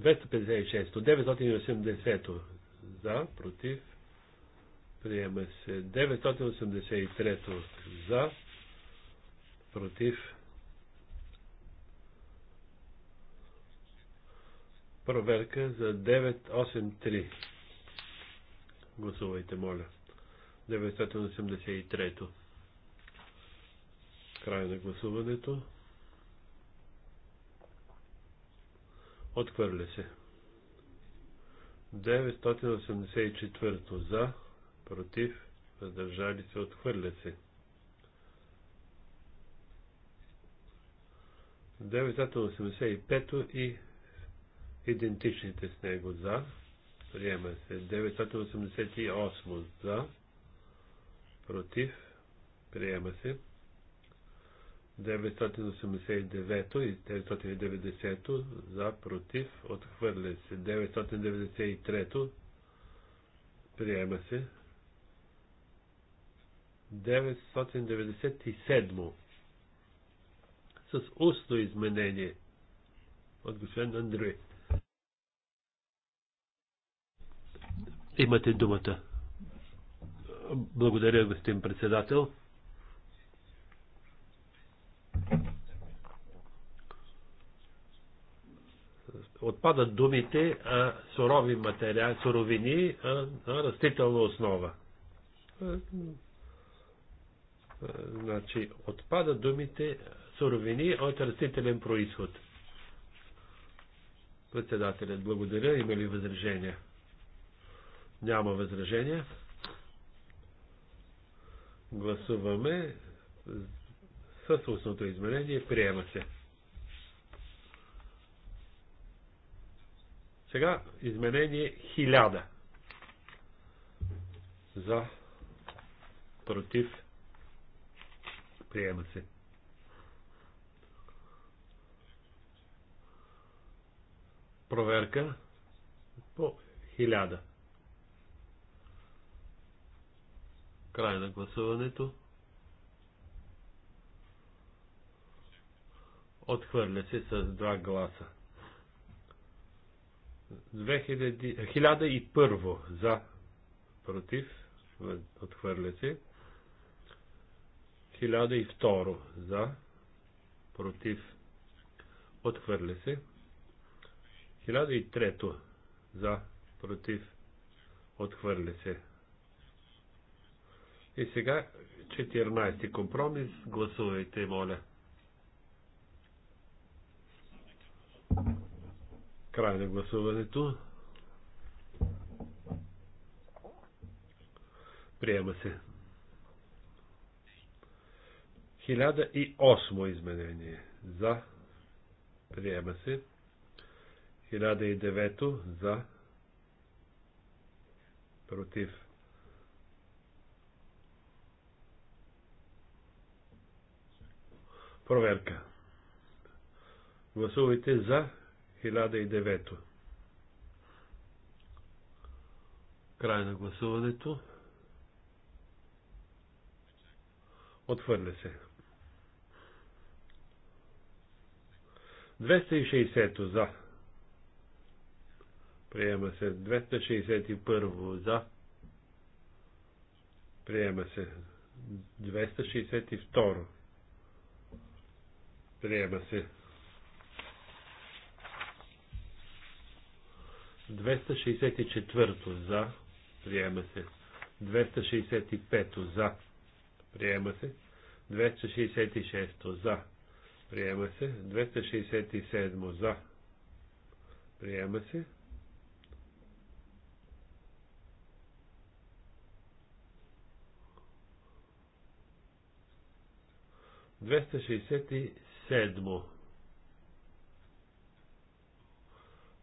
256, 980 за, против, приема се. 983 за, против. Проверка за 983. Гласувайте, моля. 983. то Край на гласуването. Отхвърля се. 984 за, против, въздържали се, отхвърля се. 985 и идентичните с него за, приема се. 988 за, против, приема се. 989 и 990 за против отхвърля се 993 приема се 997 с устно изменение от господин Андрей. Имате думата. Благодаря, господин председател. отпадат думите а, сурови материали, суровини а, на растителна основа. значи, отпадат думите суровини от растителен происход. Председателят, благодаря. Има ли възражения? Няма възражения. Гласуваме с устното изменение. Приема се. Сега изменение 1000 за против приема се. Проверка по 1000. Край на гласуването. Отхвърля се с два гласа. 2001 1001 за, против, отхвърля се. 1002 за, против, отхвърля се. 1003 за, против, отхвърля се. И сега 14 компромис. Гласувайте, моля. Край на гласуването. Приема се. 1008 изменение. За. Приема се. 1009 за. Против. Проверка. Гласувайте за 1009. Край на гласуването. Отвърля се. 260 за. Приема се. 261 за. Приема се. 262. Приема се. 264 за. Приема се. 265 за. Приема се. 266 за. Приема се. 267 за. Приема се. 267.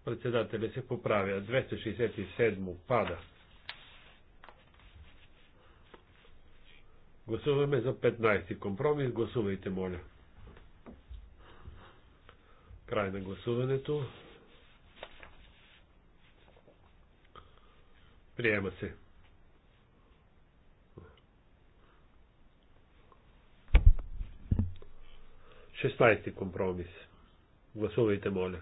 Председателя се поправя. 267 пада. Гласуваме за 15 компромис. Гласувайте, моля. Край на гласуването. Приема се. Шестнайсти компромис. Гласувайте, моля.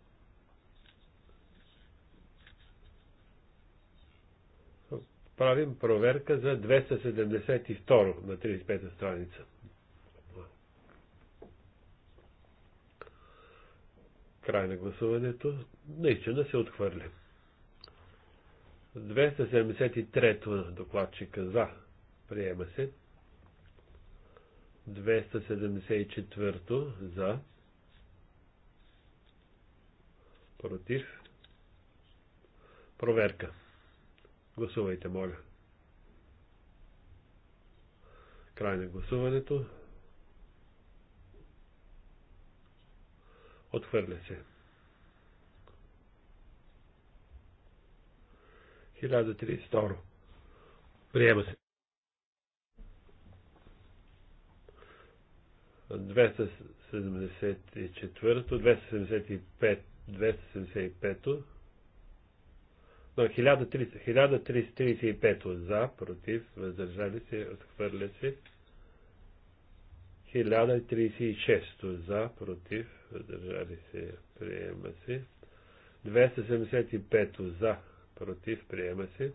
правим проверка за 272 на 35-та страница. Край на гласуването. Наистина се отхвърля. 273 на докладчика за. Приема се. 274 за. Против. Проверка. Гласувайте, моля. Край на гласуването. Отхвърля се. 1032. Приема се. 274, 275, 275 1335 е за, против, въздържали се, отхвърля се. 1036 за, против, въздържали се, приема се. 275 за, против, приема се.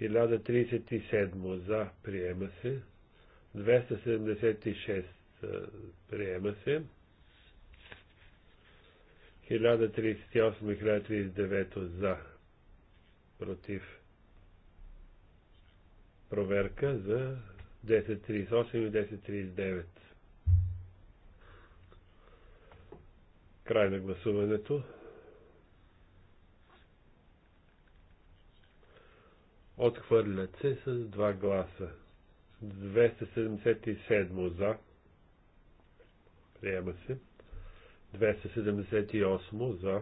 1037 за, приема се. 276 приема се. 1038 и 1039 за. Против. Проверка за 1038 и 1039. Край на гласуването. Отхвърлят се с 2 гласа. 277 за. Приема се. 278 за.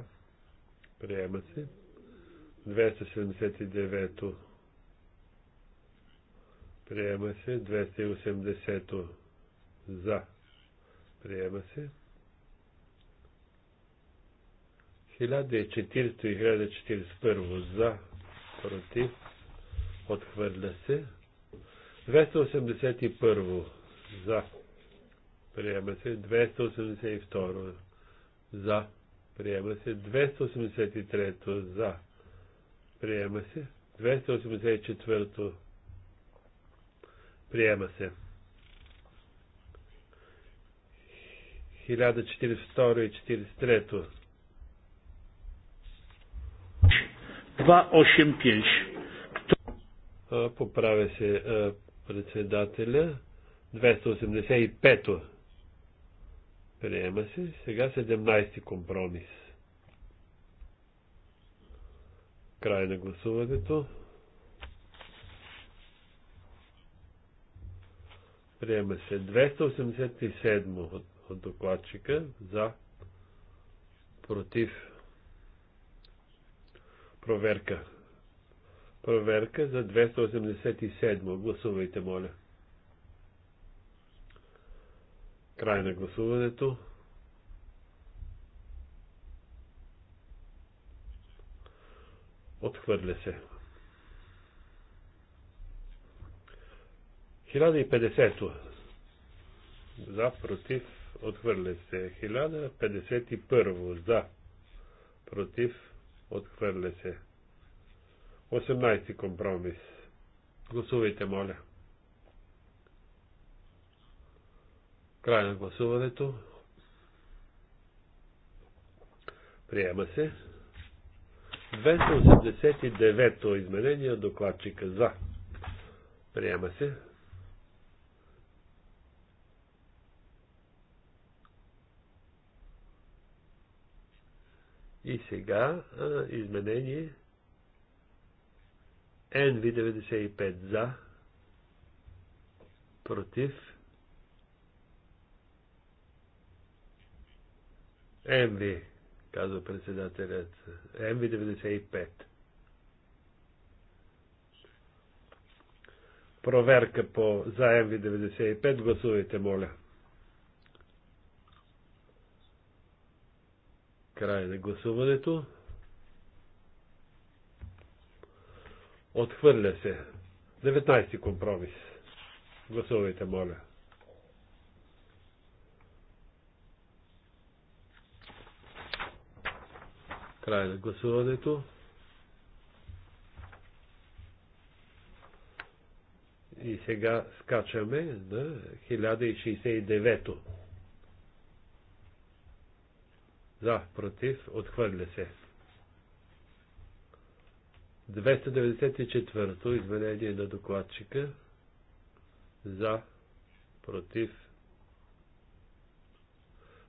Приема се. 279 Приема се. 280 за. Приема се. 1441 и за. Против. Отхвърля се. 281 за. Приема се. 282 за, приема се. 283 то за, приема се. 284 то приема се. 1042 то 43 285. Поправя се председателя. 285-то. Приема се. Сега 17 компромис. Край на гласуването. Приема се 287 от, от докладчика за против проверка. Проверка за 287. Гласувайте, моля. Край на гласуването. Отхвърля се. 1050 за, против, отхвърля се. 1051 за, против, отхвърля се. 18 компромис. Гласувайте, моля. 1051. Край на гласуването. Приема се. 289-то изменение докладчика за. Приема се. И сега а, изменение NV95 за, против, МВ, казва председателят. МВ 95. Проверка по за МВ 95. Гласувайте, моля. Край на гласуването. Отхвърля се. 19 компромис. Гласувайте, моля. Край на гласуването. И сега скачаме на 1069-то. За, против, отхвърля се. 294-то изменение на докладчика. За, против,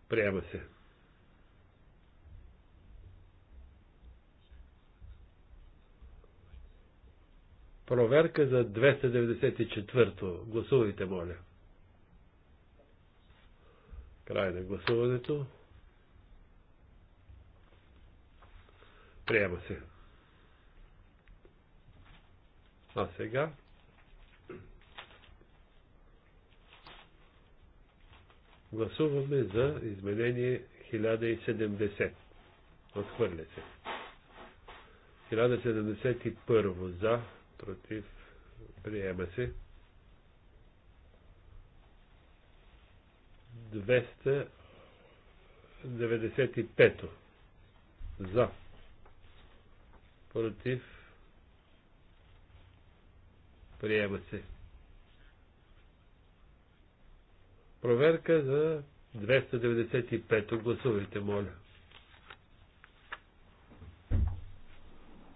приема се. Проверка за 294-то. Гласувайте, моля. Край на гласуването. Приема се. А сега гласуваме за изменение 1070. Отхвърля се. 1071 за против, приема се. 295 за, против, приема се. Проверка за 295. Гласувайте, моля.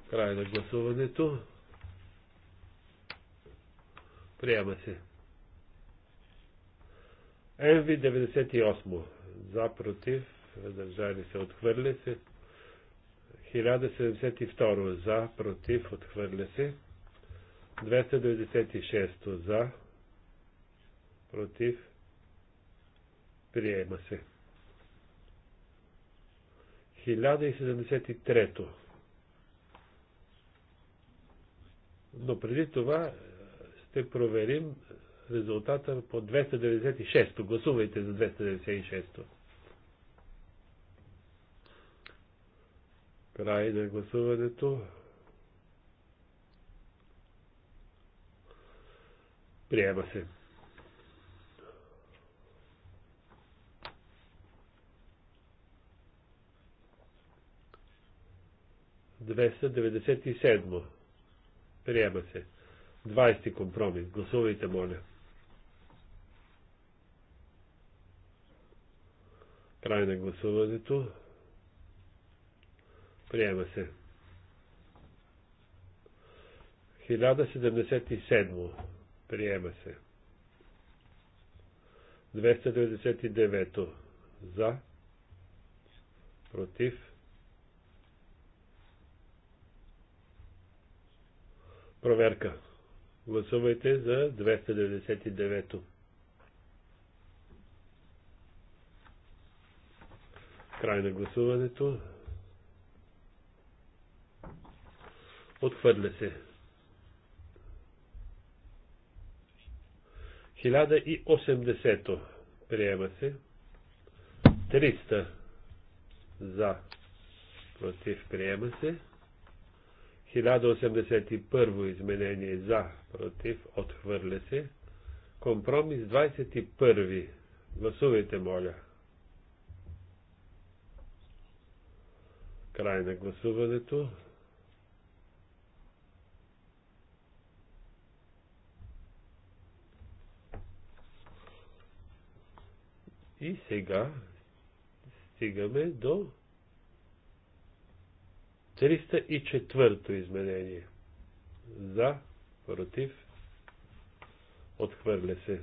Край на гласуването. Приема се. МВ 98. За, против, въздържали се, отхвърля се. 1072. За, против, отхвърля се. 296. За, против, приема се. 1073. Но преди това ще проверим резултата по 296. Гласувайте за 296. Край на гласуването. Приема се. 297. Приема се. 20 компромис. Гласувайте, моля. Край на гласуването. Приема се. 1077. Приема се. 299. За. Против. Проверка. Гласувайте за 299-то. Край на гласуването. Отхвърля се. 1080 приема се. 300 за против приема се. 1081 изменение за, против, отхвърля се. Компромис 21. Гласувайте, моля. Край на гласуването. И сега стигаме до 304-то изменение. За, против, отхвърля се.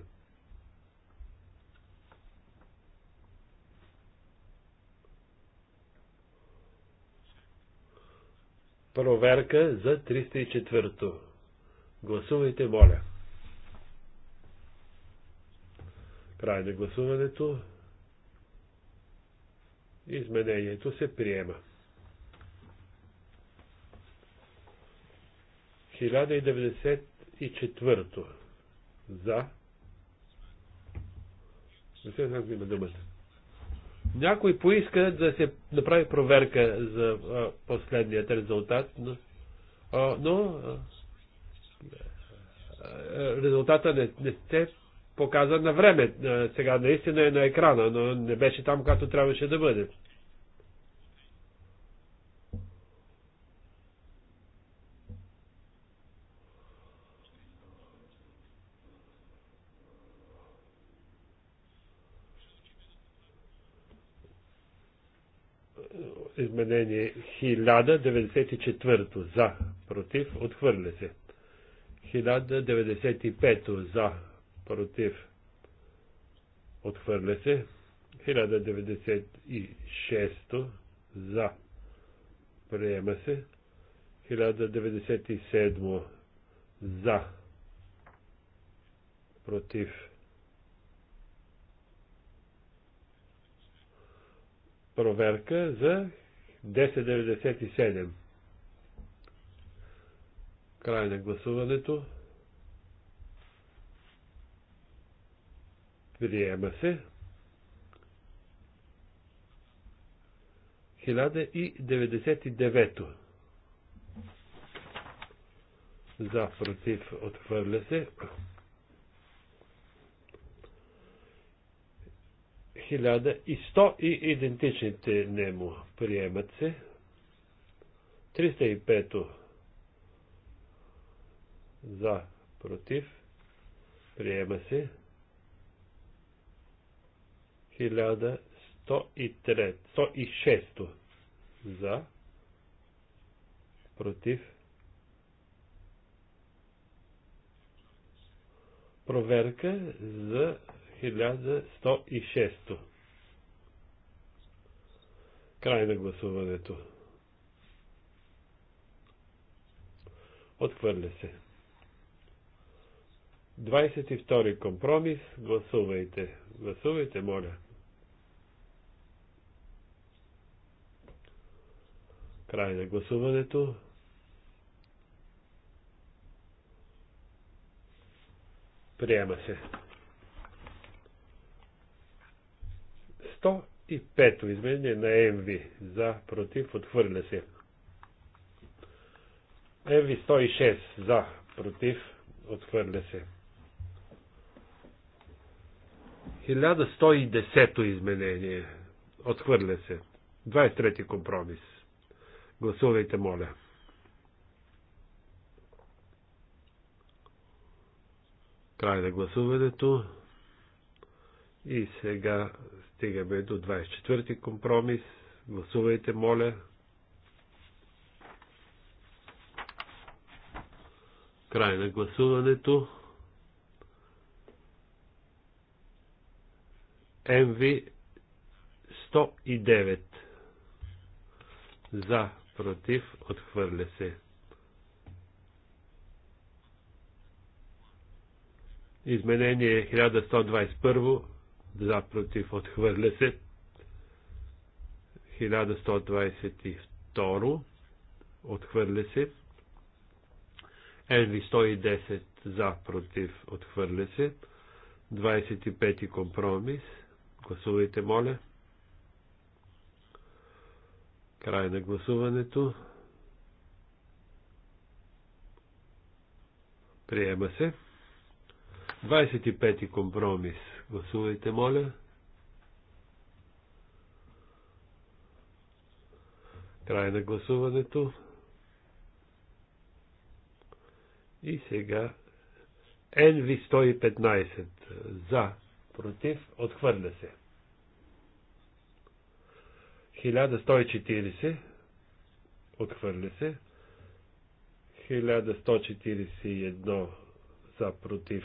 Проверка за 304-то. Гласувайте, моля. Край на гласуването. Изменението се приема. 1094 за. Не се знам има думата. Някой поиска да се направи проверка за а, последният резултат, но, а, но а, резултата не, не се показа на време. А, сега наистина е на екрана, но не беше там, когато трябваше да бъде. изменение 1094 за, против, отхвърля се. 1095 за, против, отхвърля се. 1096 за, приема се. 1097 за, против, проверка за 1097. Край на гласуването. Приема се. 1099. За, против, отхвърля се. 1100 и идентичните не му приемат се. 305 за, против, приема се. 1106 за, против, проверка за 1106. Край на гласуването. Отхвърля се. 22 компромис. Гласувайте. Гласувайте, моля. Край на гласуването. Приема се. 105-то изменение на МВ. За, против, отхвърля се. мв 106. За, против, отхвърля се. 1110 изменение. Отхвърля се. 23 компромис. Гласувайте, моля. Край на гласуването. И сега Стигаме до 24-ти компромис. Гласувайте, моля. Край на гласуването. МВ 109. За, против, отхвърля се. Изменение 1121 за против отхвърля се 1122 отхвърля се Енви 110 за против отхвърля се 25 компромис гласувайте моля край на гласуването приема се 25 компромис Гласувайте, моля. Край на гласуването. И сега NV 115 за, против, отхвърля се. 1140 отхвърля се. 1141 за, против,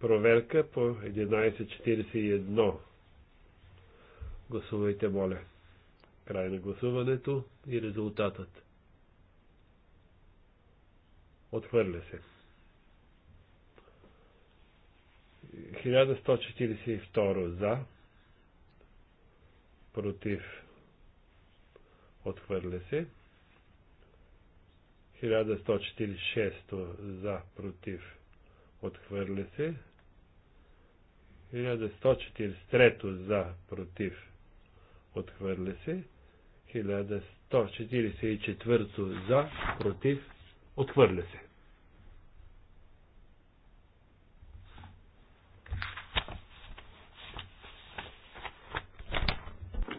проверка по 11.41. Гласувайте, моля. Край на гласуването и резултатът. Отхвърля се. 1142 за, против, отхвърля се. 1146 за, против, Отхвърля се. 1143 за, против. Отхвърля се. 1144 за, против. Отхвърля се.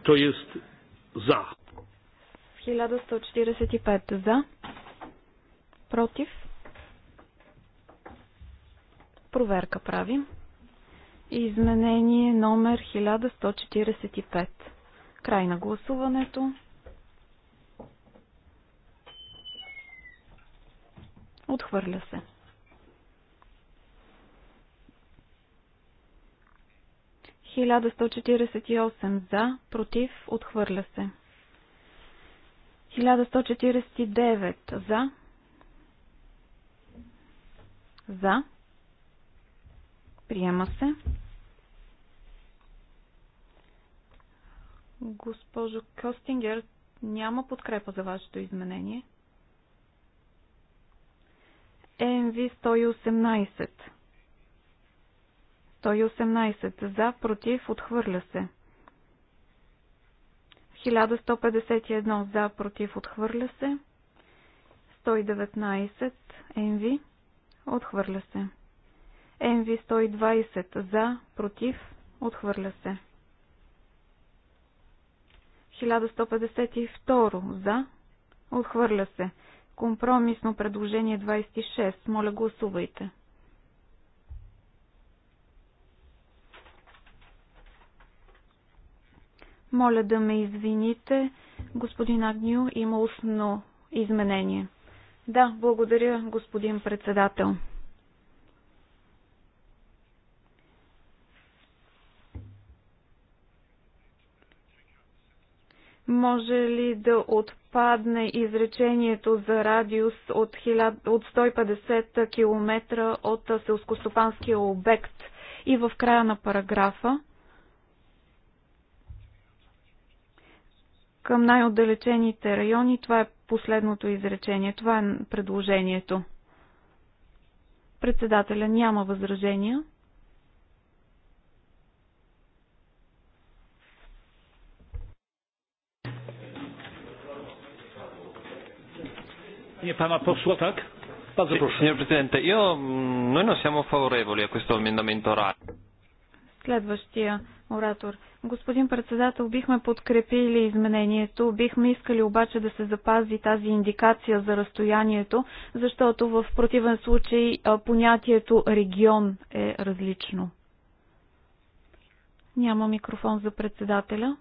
То есть за. 1145 за. Против. Проверка правим. Изменение номер 1145. Край на гласуването. Отхвърля се. Хиляда за, против, отхвърля се. Хиляда за. За. Приема се. Госпожо Костингер, няма подкрепа за вашето изменение. МВ 118 118 за, против, отхвърля се. 1151 за, против, отхвърля се. 119 МВ, отхвърля се. МВ 120 за, против, отхвърля се. 1152 за, отхвърля се. Компромисно предложение 26. Моля гласувайте. Моля да ме извините, господин Агню има устно изменение. Да, благодаря, господин председател. Може ли да отпадне изречението за радиус от 150 км от селскостопанския обект и в края на параграфа? към най-отдалечените райони. Това е последното изречение. Това е предложението. Председателя няма възражения. pana posła, tak? Bardzo proszę. Signor Presidente, io, mm, noi non siamo favorevoli a questo emendamento orale. Следващия оратор. Господин председател, бихме подкрепили изменението, бихме искали обаче да се запази тази индикация за разстоянието, защото в противен случай понятието регион е различно. Няма микрофон за председателя.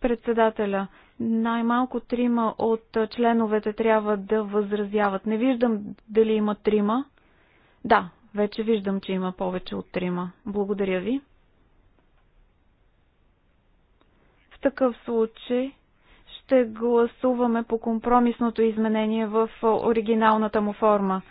Председателя, най-малко трима от членовете трябва да възразяват. Не виждам дали има трима. Да, вече виждам, че има повече от трима. Благодаря ви. В такъв случай ще гласуваме по компромисното изменение в оригиналната му форма.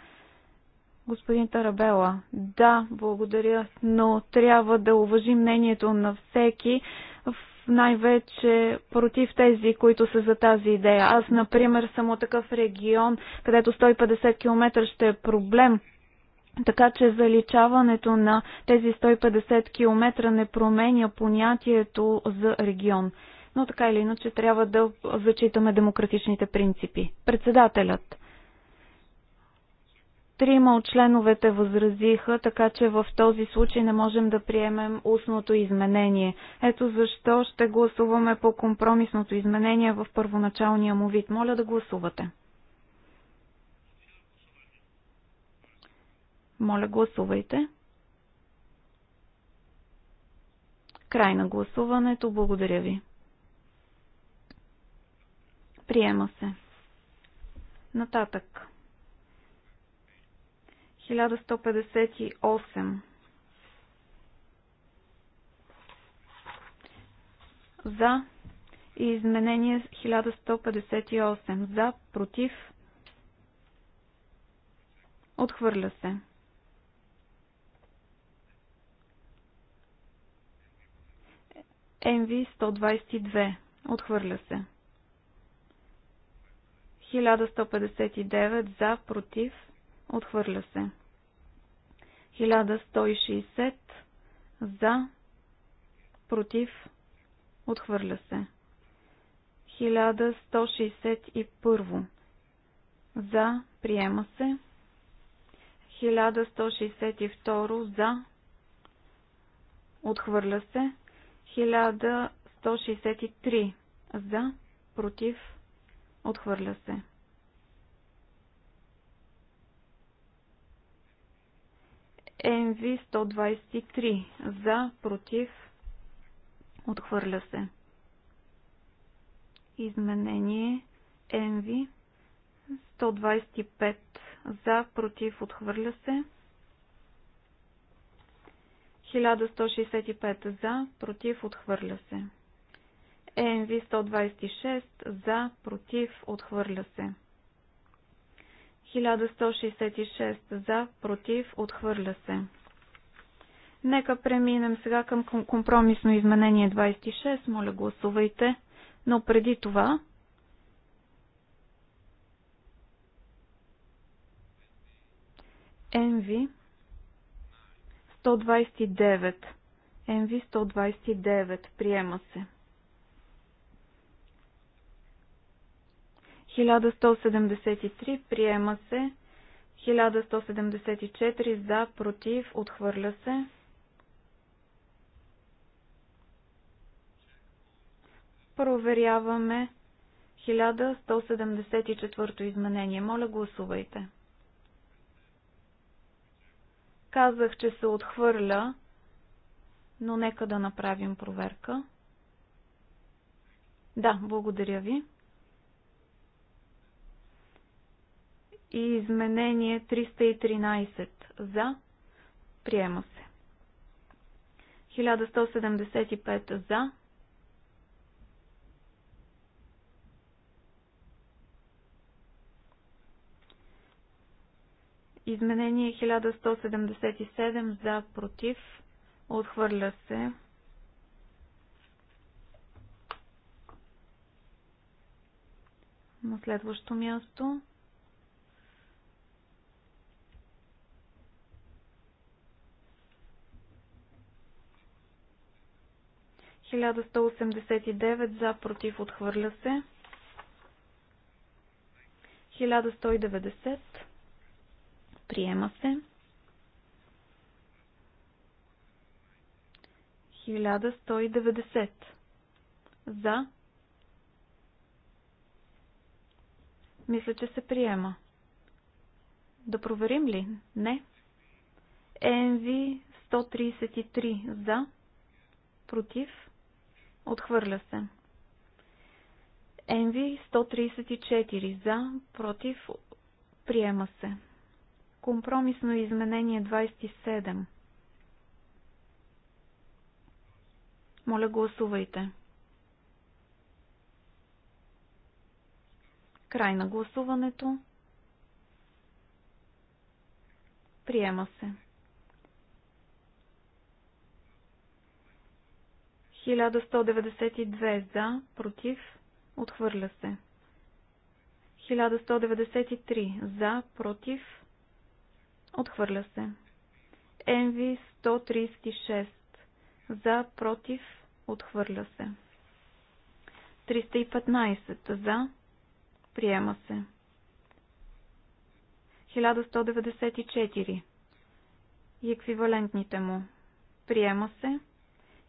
Господин Тарабела, да, благодаря, но трябва да уважи мнението на всеки в най-вече против тези, които са за тази идея. Аз, например, съм от такъв регион, където 150 км ще е проблем. Така че заличаването на тези 150 км не променя понятието за регион. Но така или иначе трябва да зачитаме демократичните принципи. Председателят. Трима от членовете възразиха, така че в този случай не можем да приемем устното изменение. Ето защо ще гласуваме по компромисното изменение в първоначалния му вид. Моля да гласувате. Моля, гласувайте. Край на гласуването. Благодаря ви. Приема се. Нататък. 1158 за и изменение 1158 за, против, отхвърля се. МВ 122 отхвърля се. 1159 за, против, Отхвърля се. 1160 за, против, отхвърля се. 1161 за, приема се. 1162 за, отхвърля се. 1163 за, против, отхвърля се. NV 123 за, против, отхвърля се. Изменение NV 125 за, против, отхвърля се. 1165 за, против, отхвърля се. NV 126 за, против, отхвърля се. 1166 за, против, отхвърля се. Нека преминем сега към компромисно изменение 26. Моля, гласувайте. Но преди това. Енви 129. МВ 129. Приема се. 1173 приема се. 1174 за, против, отхвърля се. Проверяваме 1174 изменение. Моля, гласувайте. Казах, че се отхвърля, но нека да направим проверка. Да, благодаря ви. и изменение 313 за. Приема се. 1175 за. Изменение 1177 за против. Отхвърля се. На следващо място. 1189 за, против, отхвърля се. 1190 приема се. 1190 за. Мисля, че се приема. Да проверим ли? Не. ЕНВИ 133 за. Против. 1190 Отхвърля се. Енви 134 за, против, приема се. Компромисно изменение 27. Моля гласувайте. Край на гласуването. Приема се. 1192 за, против, отхвърля се. 1193 за, против, отхвърля се. МВ 136 за, против, отхвърля се. 315 за, приема се. 1194 и еквивалентните му. Приема се.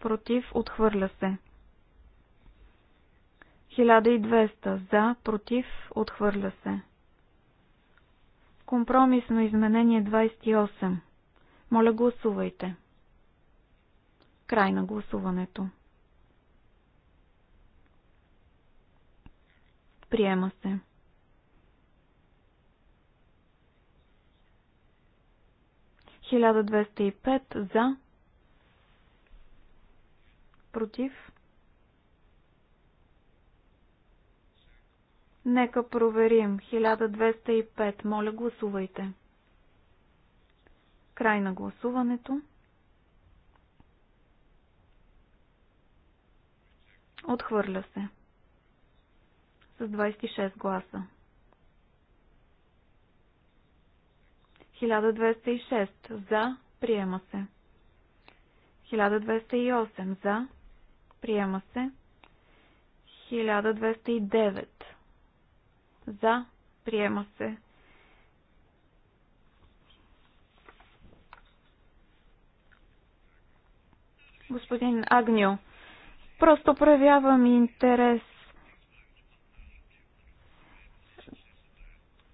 против, отхвърля се. 1200 за, против, отхвърля се. Компромисно изменение 28. Моля гласувайте. Край на гласуването. Приема се. Хиляда двеста и пет за, Против. Нека проверим. 1205. Моля, гласувайте. Край на гласуването. Отхвърля се. С 26 гласа. 1206. За. Приема се. 1208. За. Приема се. 1209. За. Приема се. 1209. Господин Агнио, просто проявявам интерес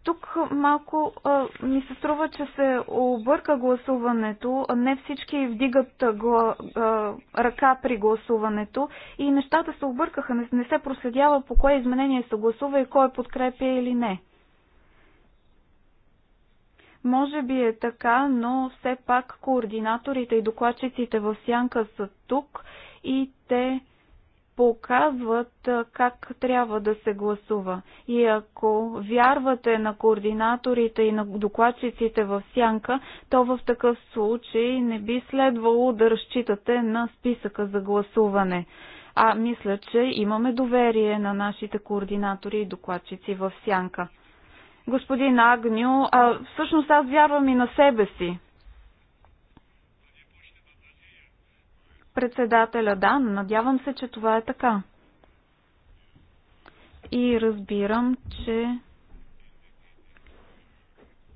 Тук малко а, ми се струва, че се обърка гласуването. Не всички вдигат гла, а, ръка при гласуването и нещата се объркаха. Не, не се проследява по кое изменение се гласува и кой подкрепя или не. Може би е така, но все пак координаторите и докладчиците в сянка са тук и те показват как трябва да се гласува. И ако вярвате на координаторите и на докладчиците в сянка, то в такъв случай не би следвало да разчитате на списъка за гласуване. А мисля, че имаме доверие на нашите координатори и докладчици в сянка. Господин Агню, а, всъщност аз вярвам и на себе си. Председателя, да, надявам се, че това е така. И разбирам, че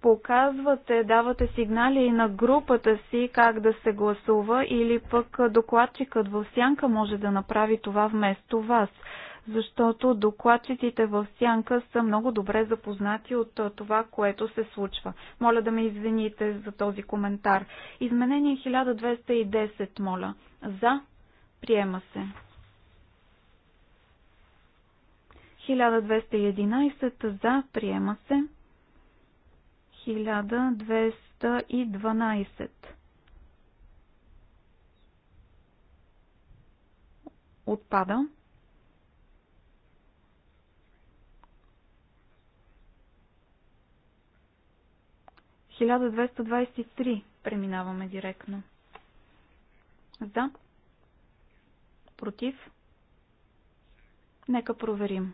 показвате, давате сигнали на групата си как да се гласува или пък докладчикът в сянка може да направи това вместо вас, защото докладчиците в сянка са много добре запознати от това, което се случва. Моля да ме извините за този коментар. Изменение 1210, моля за, приема се. 1211 за, приема се. 1212 отпада. 1223 преминаваме директно. За. Против. Нека проверим.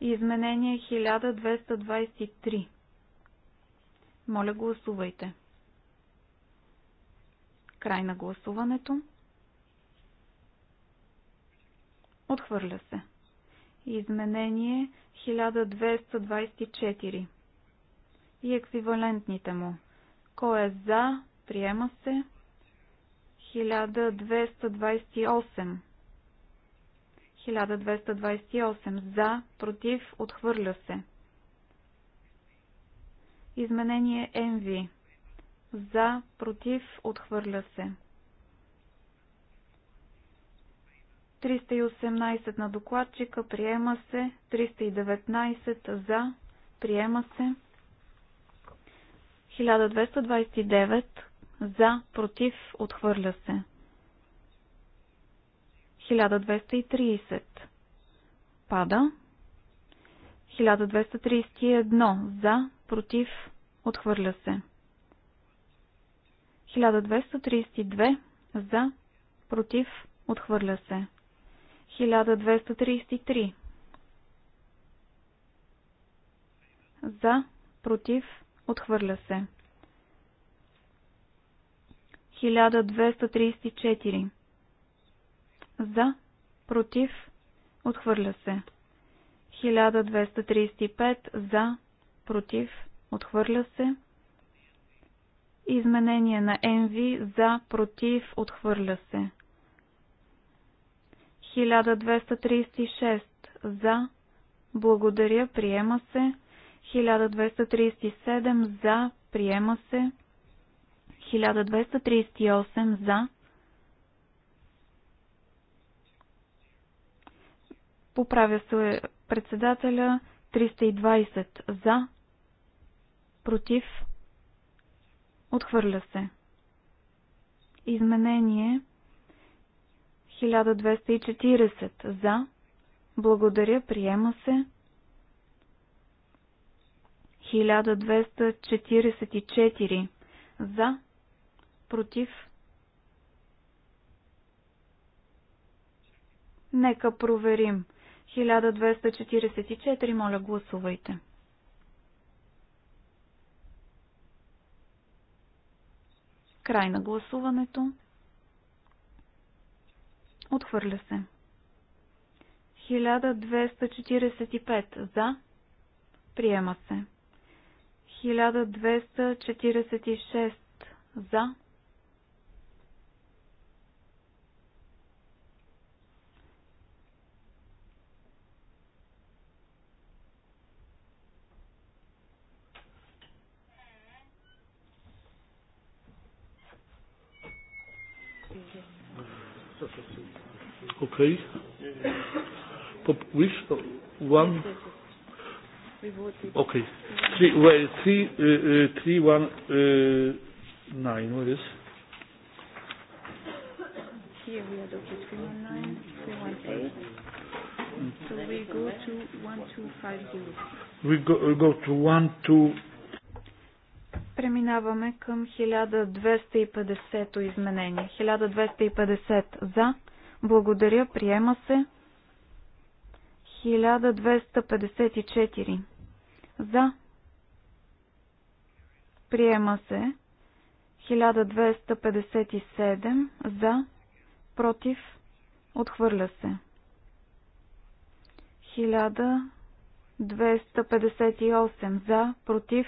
Изменение 1223. Моля, гласувайте. Край на гласуването. Отхвърля се. Изменение 1224 и еквивалентните му. Кой е за, приема се. 1228. 1228. За, против, отхвърля се. Изменение МВ. За, против, отхвърля се. 318 на докладчика, приема се. 319 за, приема се. 1229 за, против, отхвърля се. 1230. Пада. 1231. За, против, отхвърля се. 1232. За, против, отхвърля се. 1233. За, против, отхвърля се. 1234. За, против, отхвърля се. 1235. За, против, отхвърля се. Изменение на МВ за, против, отхвърля се. 1236. За, благодаря, приема се. 1237. За, приема се. 1238 за. Поправя се председателя 320 за. Против. Отхвърля се. Изменение 1240 за. Благодаря, приема се. 1244 за против. Нека проверим. 1244, моля гласувайте. Край на гласуването. Отхвърля се. 1245 за. Приема се. 1246 за. Okay. which one? Okay. Three, well, three, uh, uh, three, one, uh, nine. What is? Here we adopted 319, 318. So we go to 1250. We go, we go to two Преминаваме към 1250-то изменение. 1250 за. Благодаря. Приема се. 1254 за. Приема се. 1257 за. Против. Отхвърля се. 1258 за. Против.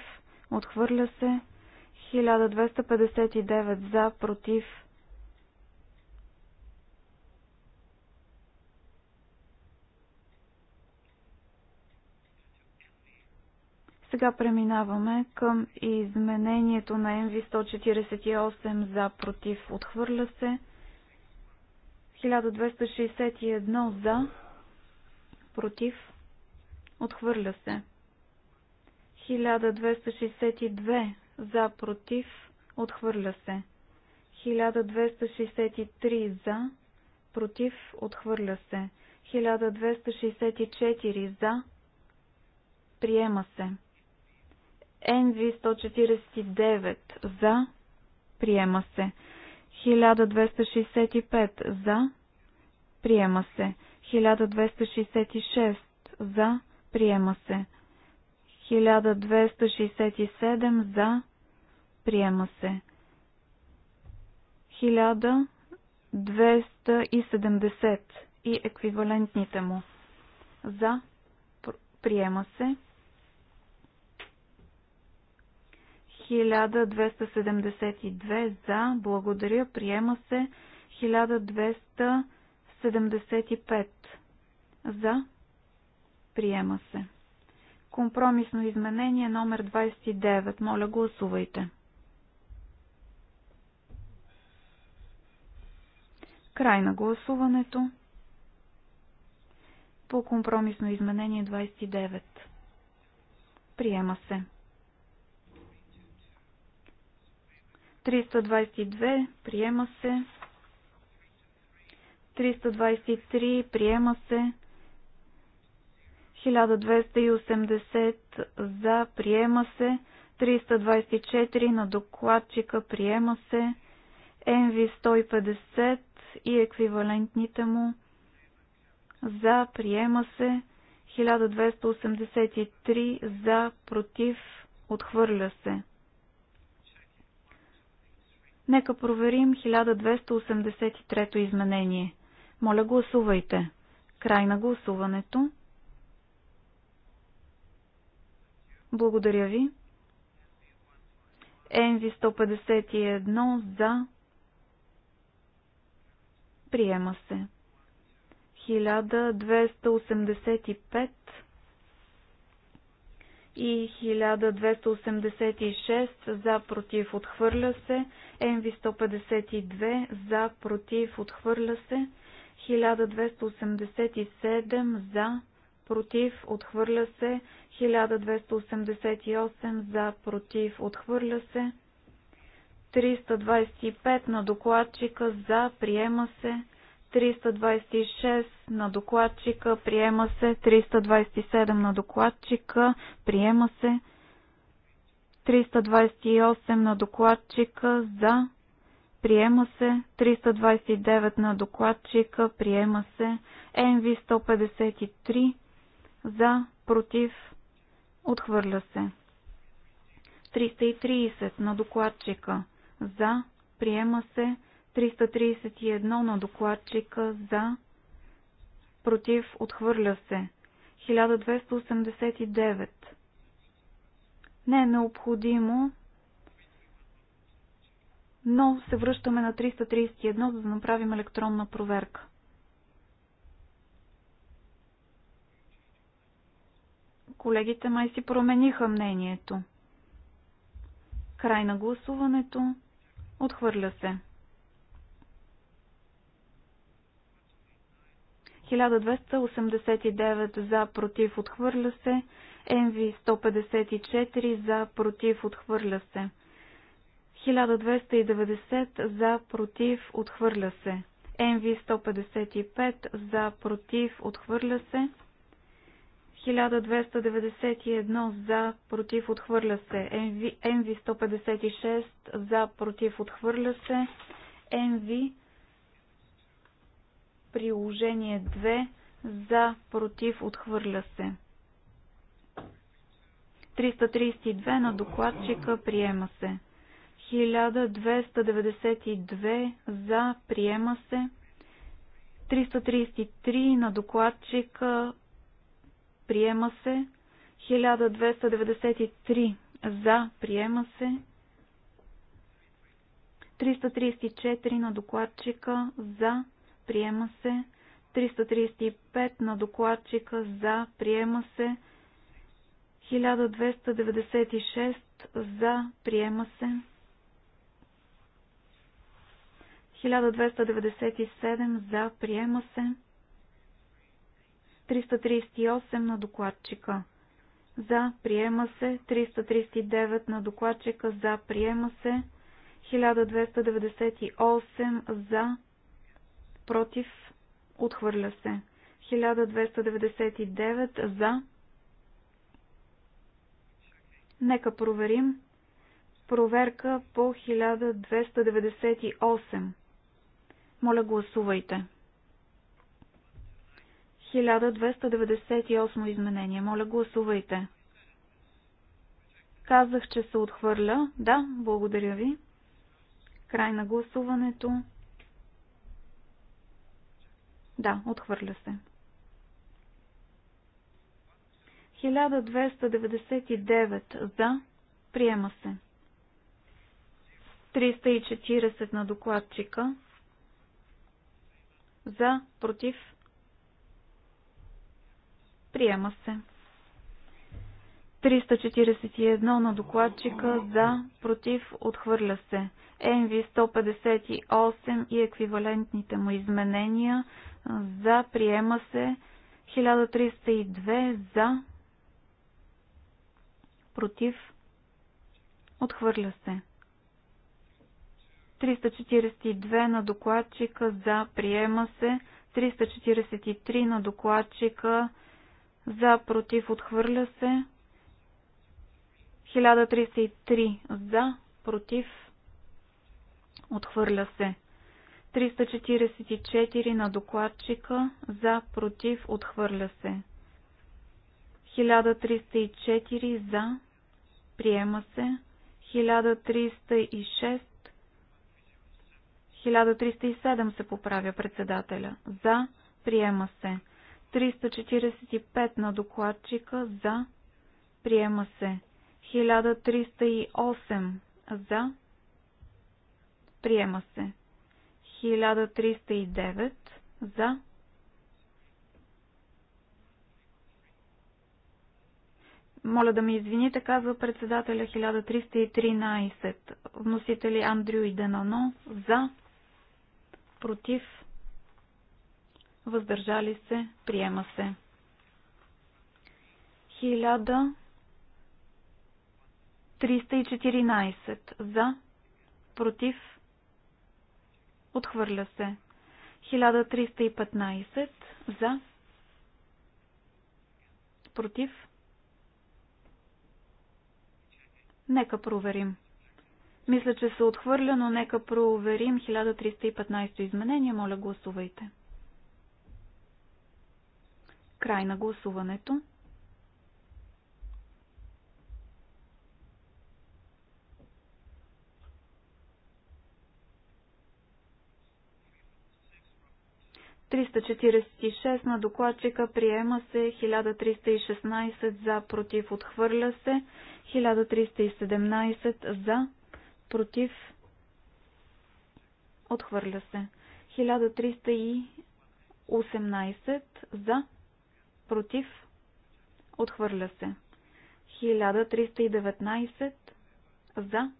Отхвърля се. 1259 за, против. Сега преминаваме към изменението на МВ 148 за, против. Отхвърля се. 1261 за, против. Отхвърля се. 1262 за против, отхвърля се. 1263 за против, отхвърля се. 1264 за приема се. NV 149 за приема се. 1265 за приема се. 1266 за приема се. 1267 за. Приема се. 1270 и еквивалентните му. За. Приема се. 1272 за. Благодаря. Приема се. 1275 за. Приема се. Компромисно изменение номер 29. Моля, гласувайте. Край на гласуването по компромисно изменение 29. Приема се. 322. Приема се. 323. Приема се. 1280 за, приема се. 324 на докладчика, приема се. МВ 150 и еквивалентните му. За, приема се. 1283 за, против, отхвърля се. Нека проверим 1283 изменение. Моля гласувайте. Край на гласуването. Благодаря ви. nv 151 за. Приема се. 1285 и 1286 за против отхвърля се, nv 152 за против отхвърля се, 1287 за против, отхвърля се. 1288 за, против, отхвърля се. 325 на докладчика за, приема се. 326 на докладчика, приема се. 327 на докладчика, приема се. 328 на докладчика за, приема се. 329 на докладчика, приема се. МВ 153 за, против, отхвърля се. 330 на докладчика за, приема се. 331 на докладчика за, против, отхвърля се. 1289. Не е необходимо, но се връщаме на 331, за да направим електронна проверка. Колегите май си промениха мнението. Край на гласуването. Отхвърля се. 1289 за против отхвърля се, МВ 154 за против отхвърля се, 1290 за против отхвърля се, МВ 155 за против отхвърля се, 1291 за, против, отхвърля се. МВ 156 за, против, отхвърля се. МВ приложение 2 за, против, отхвърля се. 332 на докладчика приема се. 1292 за, приема се. 333 на докладчика приема се. 1293 за, приема се. 334 на докладчика за, приема се. 335 на докладчика за, приема се. 1296 за, приема се. 1297 за, приема се. 338 на докладчика. За приема се 339 на докладчика. За приема се 1298 за против отхвърля се. 1299 за Нека проверим. Проверка по 1298. Моля гласувайте. 1298 изменение. Моля, гласувайте. Казах, че се отхвърля. Да, благодаря ви. Край на гласуването. Да, отхвърля се. 1299 за. Приема се. 340 на докладчика. За, против, Приема се. 341 на докладчика за, против, отхвърля се. НВ 158 и еквивалентните му изменения за, приема се. 1302 за, против, отхвърля се. 342 на докладчика за, приема се. 343 на докладчика за, за, против, отхвърля се. 1303 за, против, отхвърля се. 344 на докладчика за, против, отхвърля се. 1304 за, приема се. 1306 1307 се поправя председателя. За, приема се. 345 на докладчика за. Приема се. 1308 за. Приема се. 1309 за. Моля да ме извините, казва председателя 1313. Вносители Андрю и Денано за. Против въздържали се, приема се. 1314 за, против, отхвърля се. 1315 за, против. Нека проверим. Мисля, че се отхвърля, но нека проверим 1315 изменения. Моля, гласувайте. 1315 Край на гласуването. Триста на докладчика приема се 1316 за против отхвърля се 1317 за против отхвърля се 1318 за против, отхвърля се. 1319 за,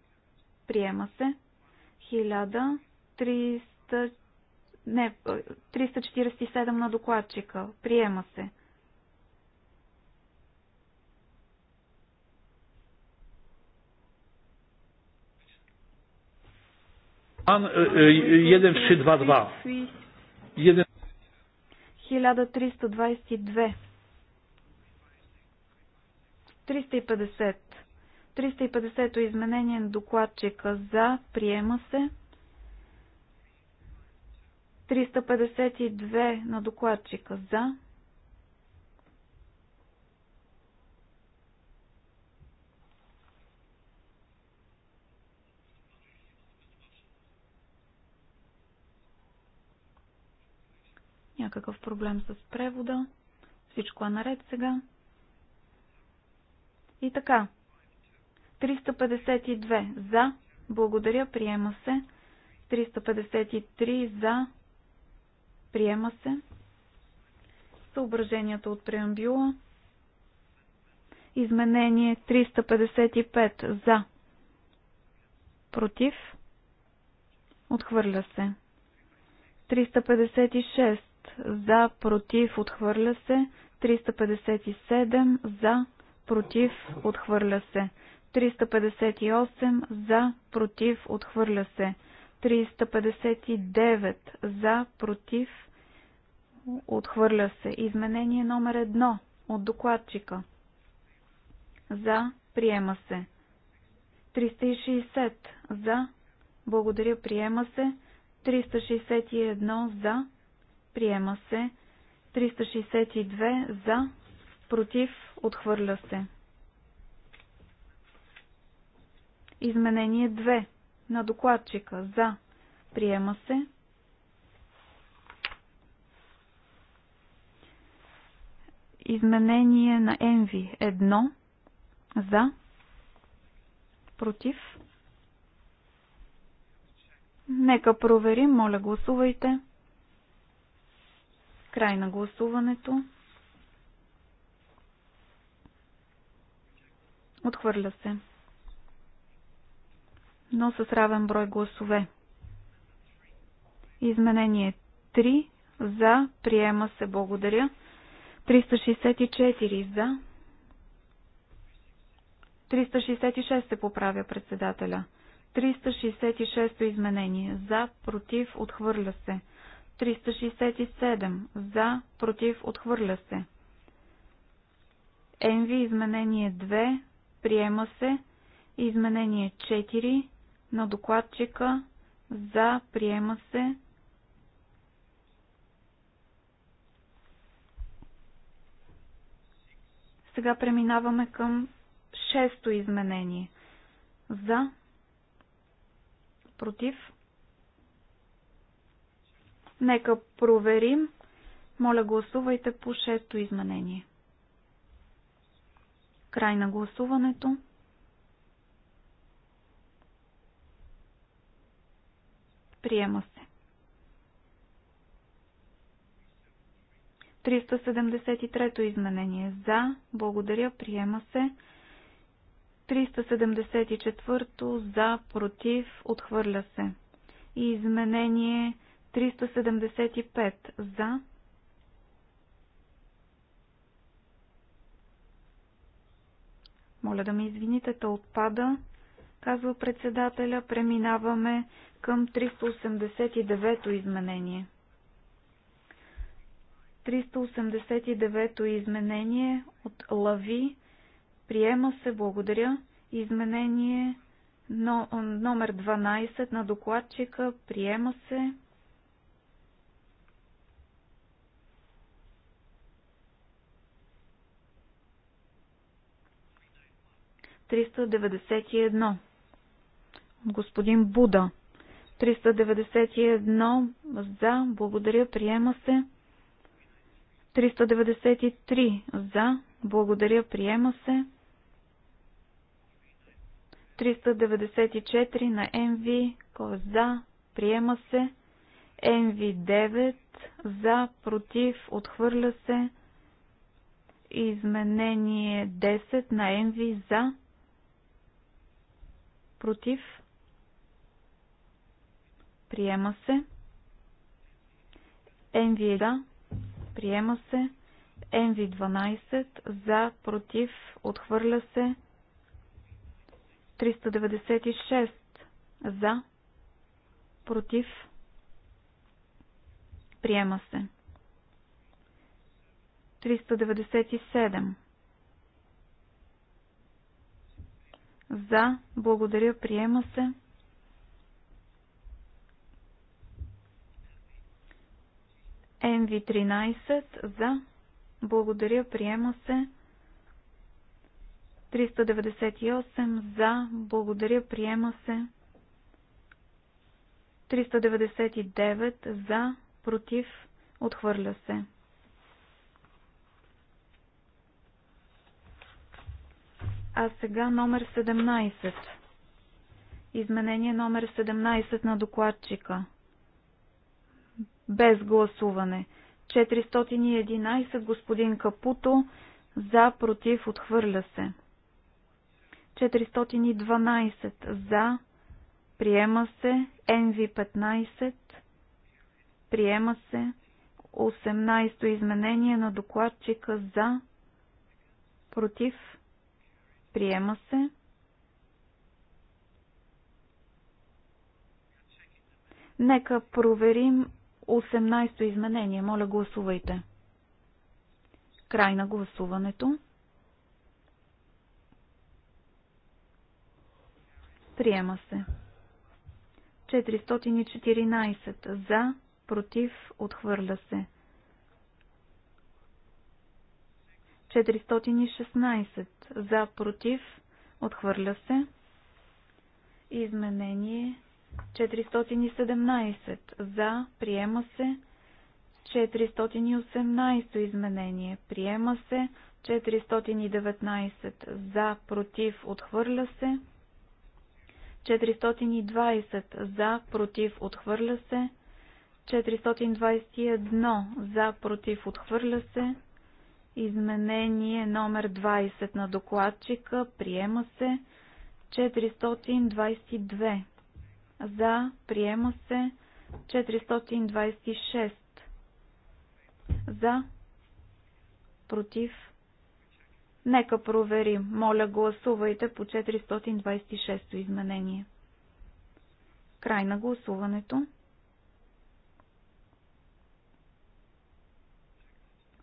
приема се. 1300, не, 347 на докладчика, приема се. Pan 1322. Е, е, е, 1322. 350. 350-то изменение на докладчика за приема се. 352 на докладчика за някакъв проблем с превода. Всичко е наред сега. И така. 352 за. Благодаря, приема се. 353 за. Приема се. Съображенията от преамбюла. Изменение 355 за. Против. Отхвърля се. 356 за, против, отхвърля се. 357 за, против, отхвърля се. 358 за, против, отхвърля се. 359 за, против, отхвърля се. Изменение номер 1 от докладчика. За, приема се. 360 за, благодаря, приема се. 361 за, Приема се. 362 за. Против. Отхвърля се. Изменение 2 на докладчика за. Приема се. Изменение на Енви 1 за. Против. Нека проверим, моля гласувайте. Край на гласуването. Отхвърля се. Но с равен брой гласове. Изменение 3 за. Приема се. Благодаря. 364 за. 366 се поправя председателя. 366 изменение. За, против, отхвърля се. 367 за, против, отхвърля се. НВ изменение 2 приема се. Изменение 4 на докладчика за, приема се. Сега преминаваме към шесто изменение. За, против, Нека проверим. Моля гласувайте по шесто изменение. Край на гласуването. Приема се. 373-то изменение. За. Благодаря. Приема се. 374-то. За. Против. Отхвърля се. И изменение 375 за, Моля да ме извините, то отпада, казва председателя. Преминаваме към 389-то изменение. 389-то изменение от Лави. Приема се, благодаря. Изменение номер 12 на докладчика. Приема се. 391 от господин Буда. 391 за, благодаря, приема се. 393 за, благодаря, приема се. 394 на МВ, е за, приема се. МВ9 за, против, отхвърля се. Изменение 10 на МВ за, против, приема се. NV да, приема се. NV12 за, против, отхвърля се. 396 за, против, приема се. 397 За. Благодаря. Приема се. МВ-13. За. Благодаря. Приема се. 398. За. Благодаря. Приема се. 399. За. Против. Отхвърля се. А сега номер 17. Изменение номер 17 на докладчика. Без гласуване. 411 господин Капуто за против отхвърля се. 412 за приема се. NV15 приема се. 18 изменение на докладчика за против Приема се. Нека проверим 18-то изменение. Моля, гласувайте. Край на гласуването. Приема се. 414 за, против, отхвърля се. 416 за, против, отхвърля се. Изменение 417 за, приема се. 418 изменение приема се. 419 за, против, отхвърля се. 420 за, против, отхвърля се. 421 за, против, отхвърля се. Изменение номер 20 на докладчика приема се 422. За приема се 426. За против. Нека проверим. Моля, гласувайте по 426 изменение. Край на гласуването.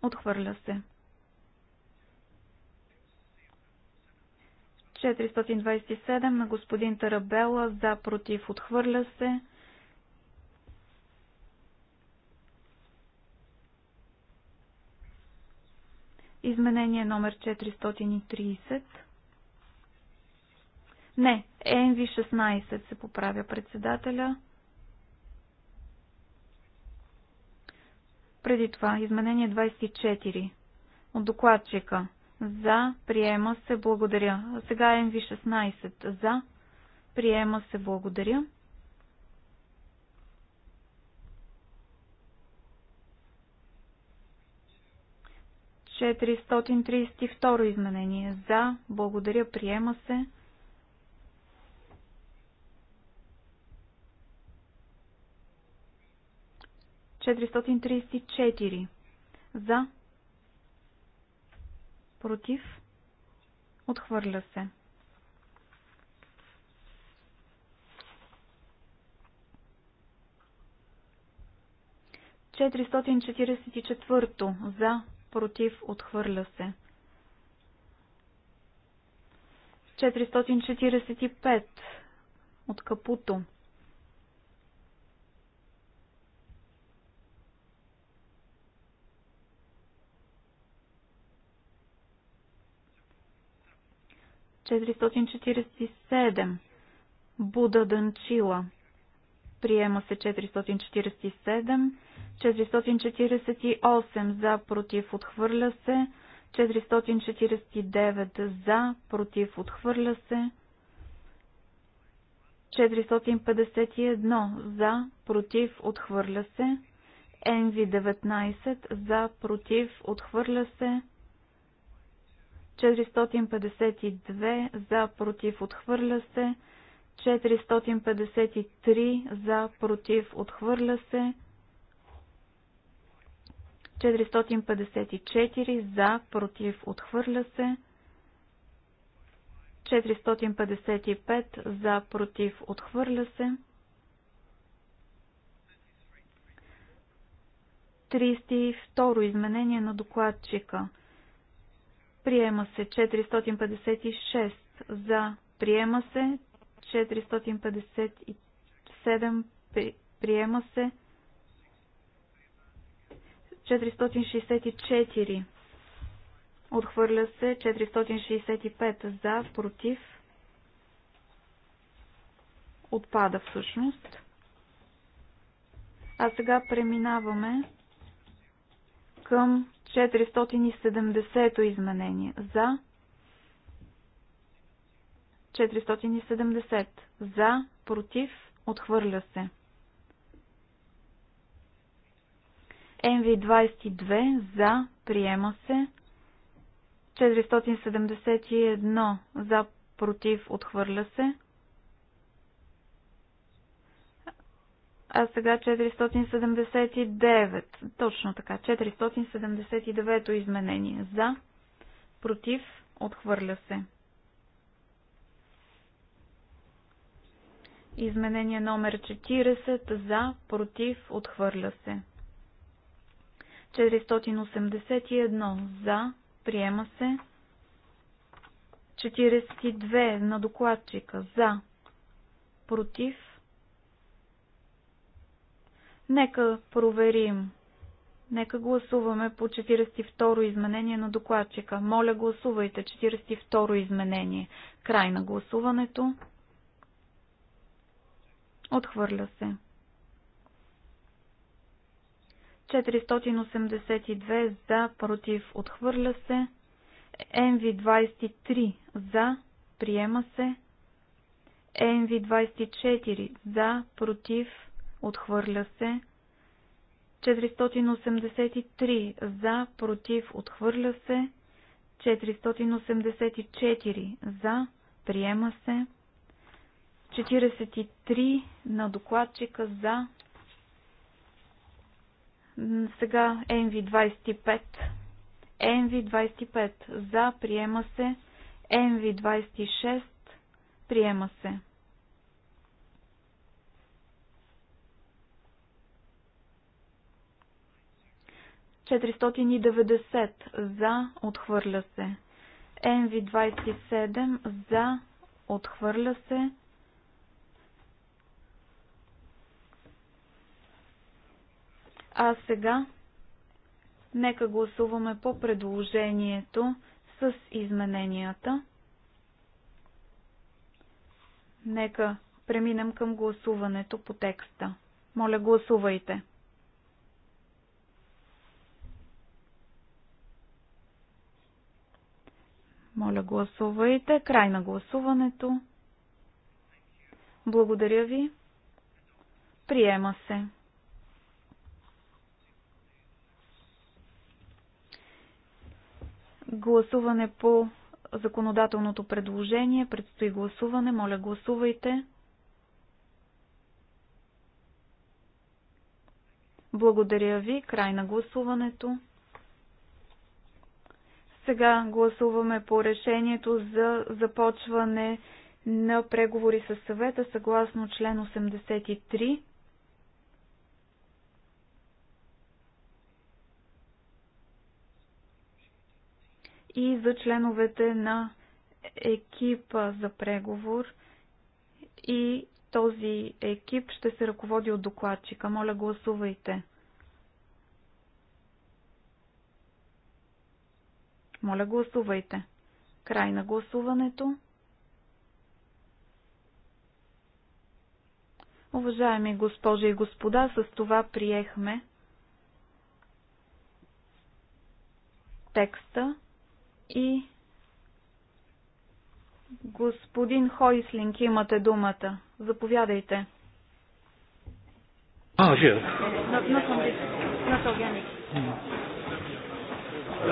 Отхвърля се. 427 на господин Тарабела за против отхвърля се. Изменение номер 430. Не, NV16 се поправя председателя. Преди това, изменение 24 от докладчика за, приема се, благодаря. Сега е МВ 16 за, приема се, благодаря. Четиристотин изменение. За, благодаря, приема се. 434. За против, отхвърля се. Четиристотин за, против, отхвърля се. 445 от Капуто 447. Буда Данчила. Приема се 447. 448 за, против, отхвърля се. 449 за, против, отхвърля се. 451 за, против, отхвърля се. НВ 19 за, против, отхвърля се. 452 за против отхвърля се. 453 за против отхвърля се. 454 за против отхвърля се. 455 за против отхвърля се. 32 изменение на докладчика. Приема се 456 за. Приема се 457. Приема се 464. Отхвърля се 465 за, против. Отпада всъщност. А сега преминаваме към 470-то изменение. За. 470. За. Против. Отхвърля се. МВ-22. За. Приема се. 471. За. Против. Отхвърля се. а сега 479. Точно така, 479 изменение. За, против, отхвърля се. Изменение номер 40. За, против, отхвърля се. 481. За, приема се. 42 на докладчика. За, против, Нека проверим. Нека гласуваме по 42-ро изменение на докладчика. Моля, гласувайте 42-ро изменение. Край на гласуването. Отхвърля се. 482 за, против, отхвърля се. МВ-23 за, приема се. МВ-24 за, против, отхвърля се отхвърля се. 483 за, против, отхвърля се. 484 за, приема се. 43 на докладчика за. Сега NV25. NV25 за, приема се. NV26 приема се. 490 за, отхвърля се. NV27 за, отхвърля се. А сега нека гласуваме по предложението с измененията. Нека преминем към гласуването по текста. Моля, гласувайте. Моля, гласувайте. Край на гласуването. Благодаря ви. Приема се. Гласуване по законодателното предложение. Предстои гласуване. Моля, гласувайте. Благодаря ви. Край на гласуването. Сега гласуваме по решението за започване на преговори с съвета съгласно член 83. И за членовете на екипа за преговор и този екип ще се ръководи от докладчика. Моля, гласувайте. Моля гласувайте. Край на гласуването. Уважаеми госпожи и господа, с това приехме текста и господин Хойслинг, имате думата. Заповядайте. А, жив. Not, not, not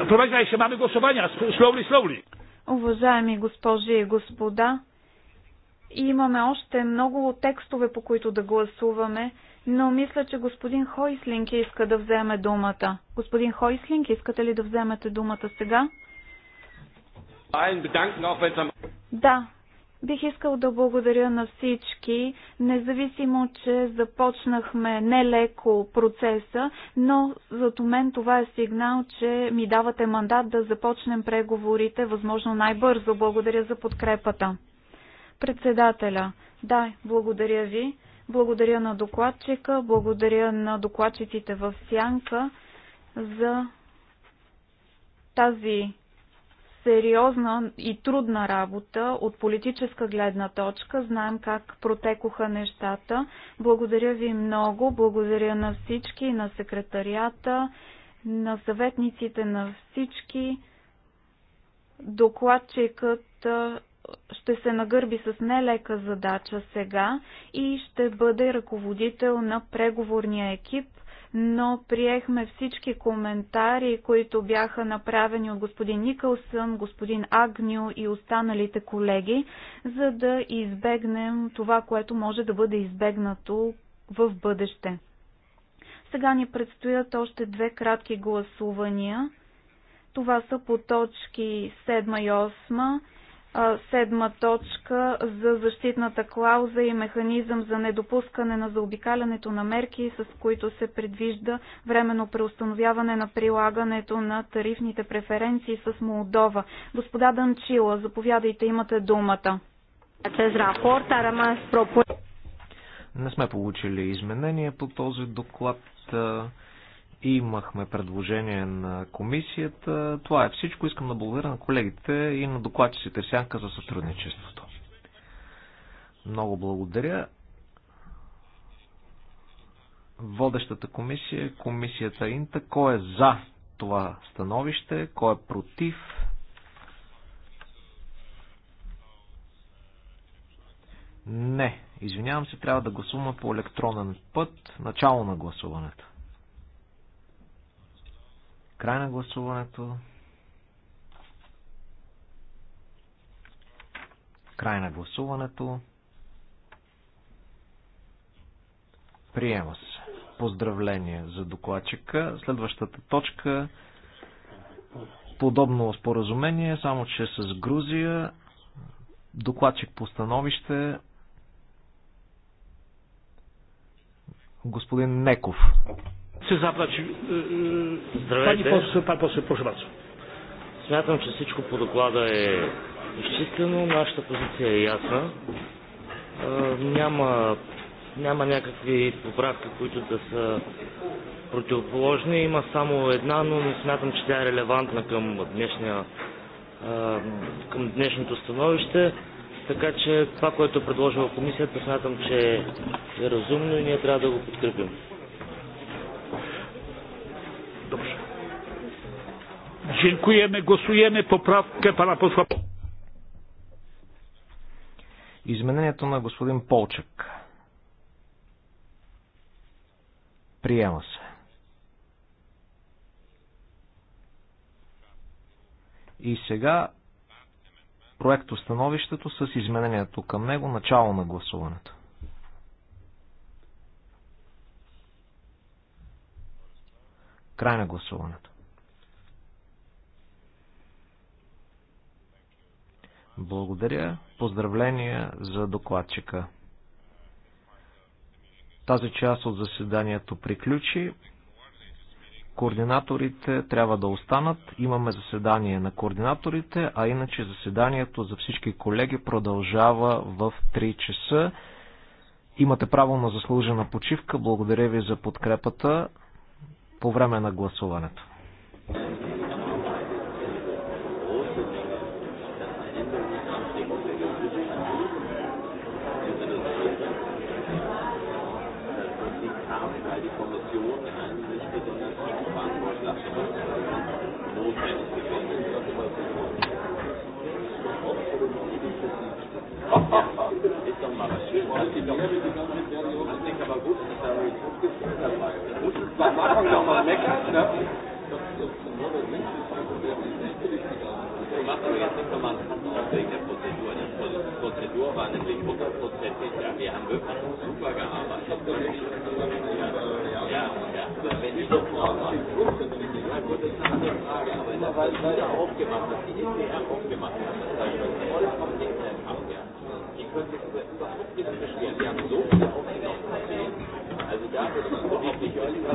провеждай се, маме гласования. словли, словли. Уважаеми госпожи и господа, имаме още много текстове, по които да гласуваме, но мисля, че господин Хойслинг иска да вземе думата. Господин Хойслинг, искате ли да вземете думата сега? Да, Бих искал да благодаря на всички, независимо, че започнахме нелеко процеса, но за мен това е сигнал, че ми давате мандат да започнем преговорите възможно най-бързо. Благодаря за подкрепата. Председателя, да, благодаря ви. Благодаря на докладчика, благодаря на докладчиците в Сянка за тази сериозна и трудна работа от политическа гледна точка. Знаем как протекоха нещата. Благодаря ви много. Благодаря на всички, на секретарията, на съветниците, на всички. Докладчикът ще се нагърби с нелека задача сега и ще бъде ръководител на преговорния екип но приехме всички коментари, които бяха направени от господин Никълсън, господин Агню и останалите колеги, за да избегнем това, което може да бъде избегнато в бъдеще. Сега ни предстоят още две кратки гласувания. Това са по точки 7 и 8 седма точка за защитната клауза и механизъм за недопускане на заобикалянето на мерки, с които се предвижда временно преустановяване на прилагането на тарифните преференции с Молдова. Господа Данчила, заповядайте, имате думата. Не сме получили изменения по този доклад. Имахме предложение на комисията. Това е всичко. Искам да благодаря на колегите и на докладчиците Сянка за сътрудничеството. Много благодаря. Водещата комисия, е комисията Инта, кой е за това становище, кой е против, Не, извинявам се, трябва да гласуваме по електронен път начало на гласуването. Край на гласуването. Край на гласуването. Приема се. Поздравление за докладчика. Следващата точка подобно споразумение, само че с Грузия. Докладчик по становище господин Неков chce zabrać. Pani poseł, pan poseł, proszę bardzo. Смятам, че всичко по доклада е изчистено, нашата позиция е ясна. Няма, няма някакви поправки, които да са противоположни. Има само една, но не смятам, че тя е релевантна към, днешния, към днешното становище. Така че това, което е предложила комисията, смятам, че е разумно и ние трябва да го подкрепим. Dziękujemy. Głosujemy poprawkę pana posła. Изменението на господин Полчек. Приема се. И сега проекто становището с изменението към него, начало на гласуването. Край на гласуването. Благодаря. Поздравления за докладчика. Тази част от заседанието приключи. Координаторите трябва да останат. Имаме заседание на координаторите, а иначе заседанието за всички колеги продължава в 3 часа. Имате право на заслужена почивка. Благодаря ви за подкрепата по време на гласуването. am Anfang nochmal meckert. Ne? Das, ist nochmal der Prozedur. Die Prozedur war nämlich hundertprozentig. Ja, wir haben wirklich super gearbeitet. Ja, ja. ja. Wenn ich das mal das ist eine andere Frage, aber aufgemacht, dass die DDR aufgemacht hat. Das ist vollkommen Die können sich überhaupt nicht beschweren. Wir haben so viele aufgenommen. Also da würde ich wirklich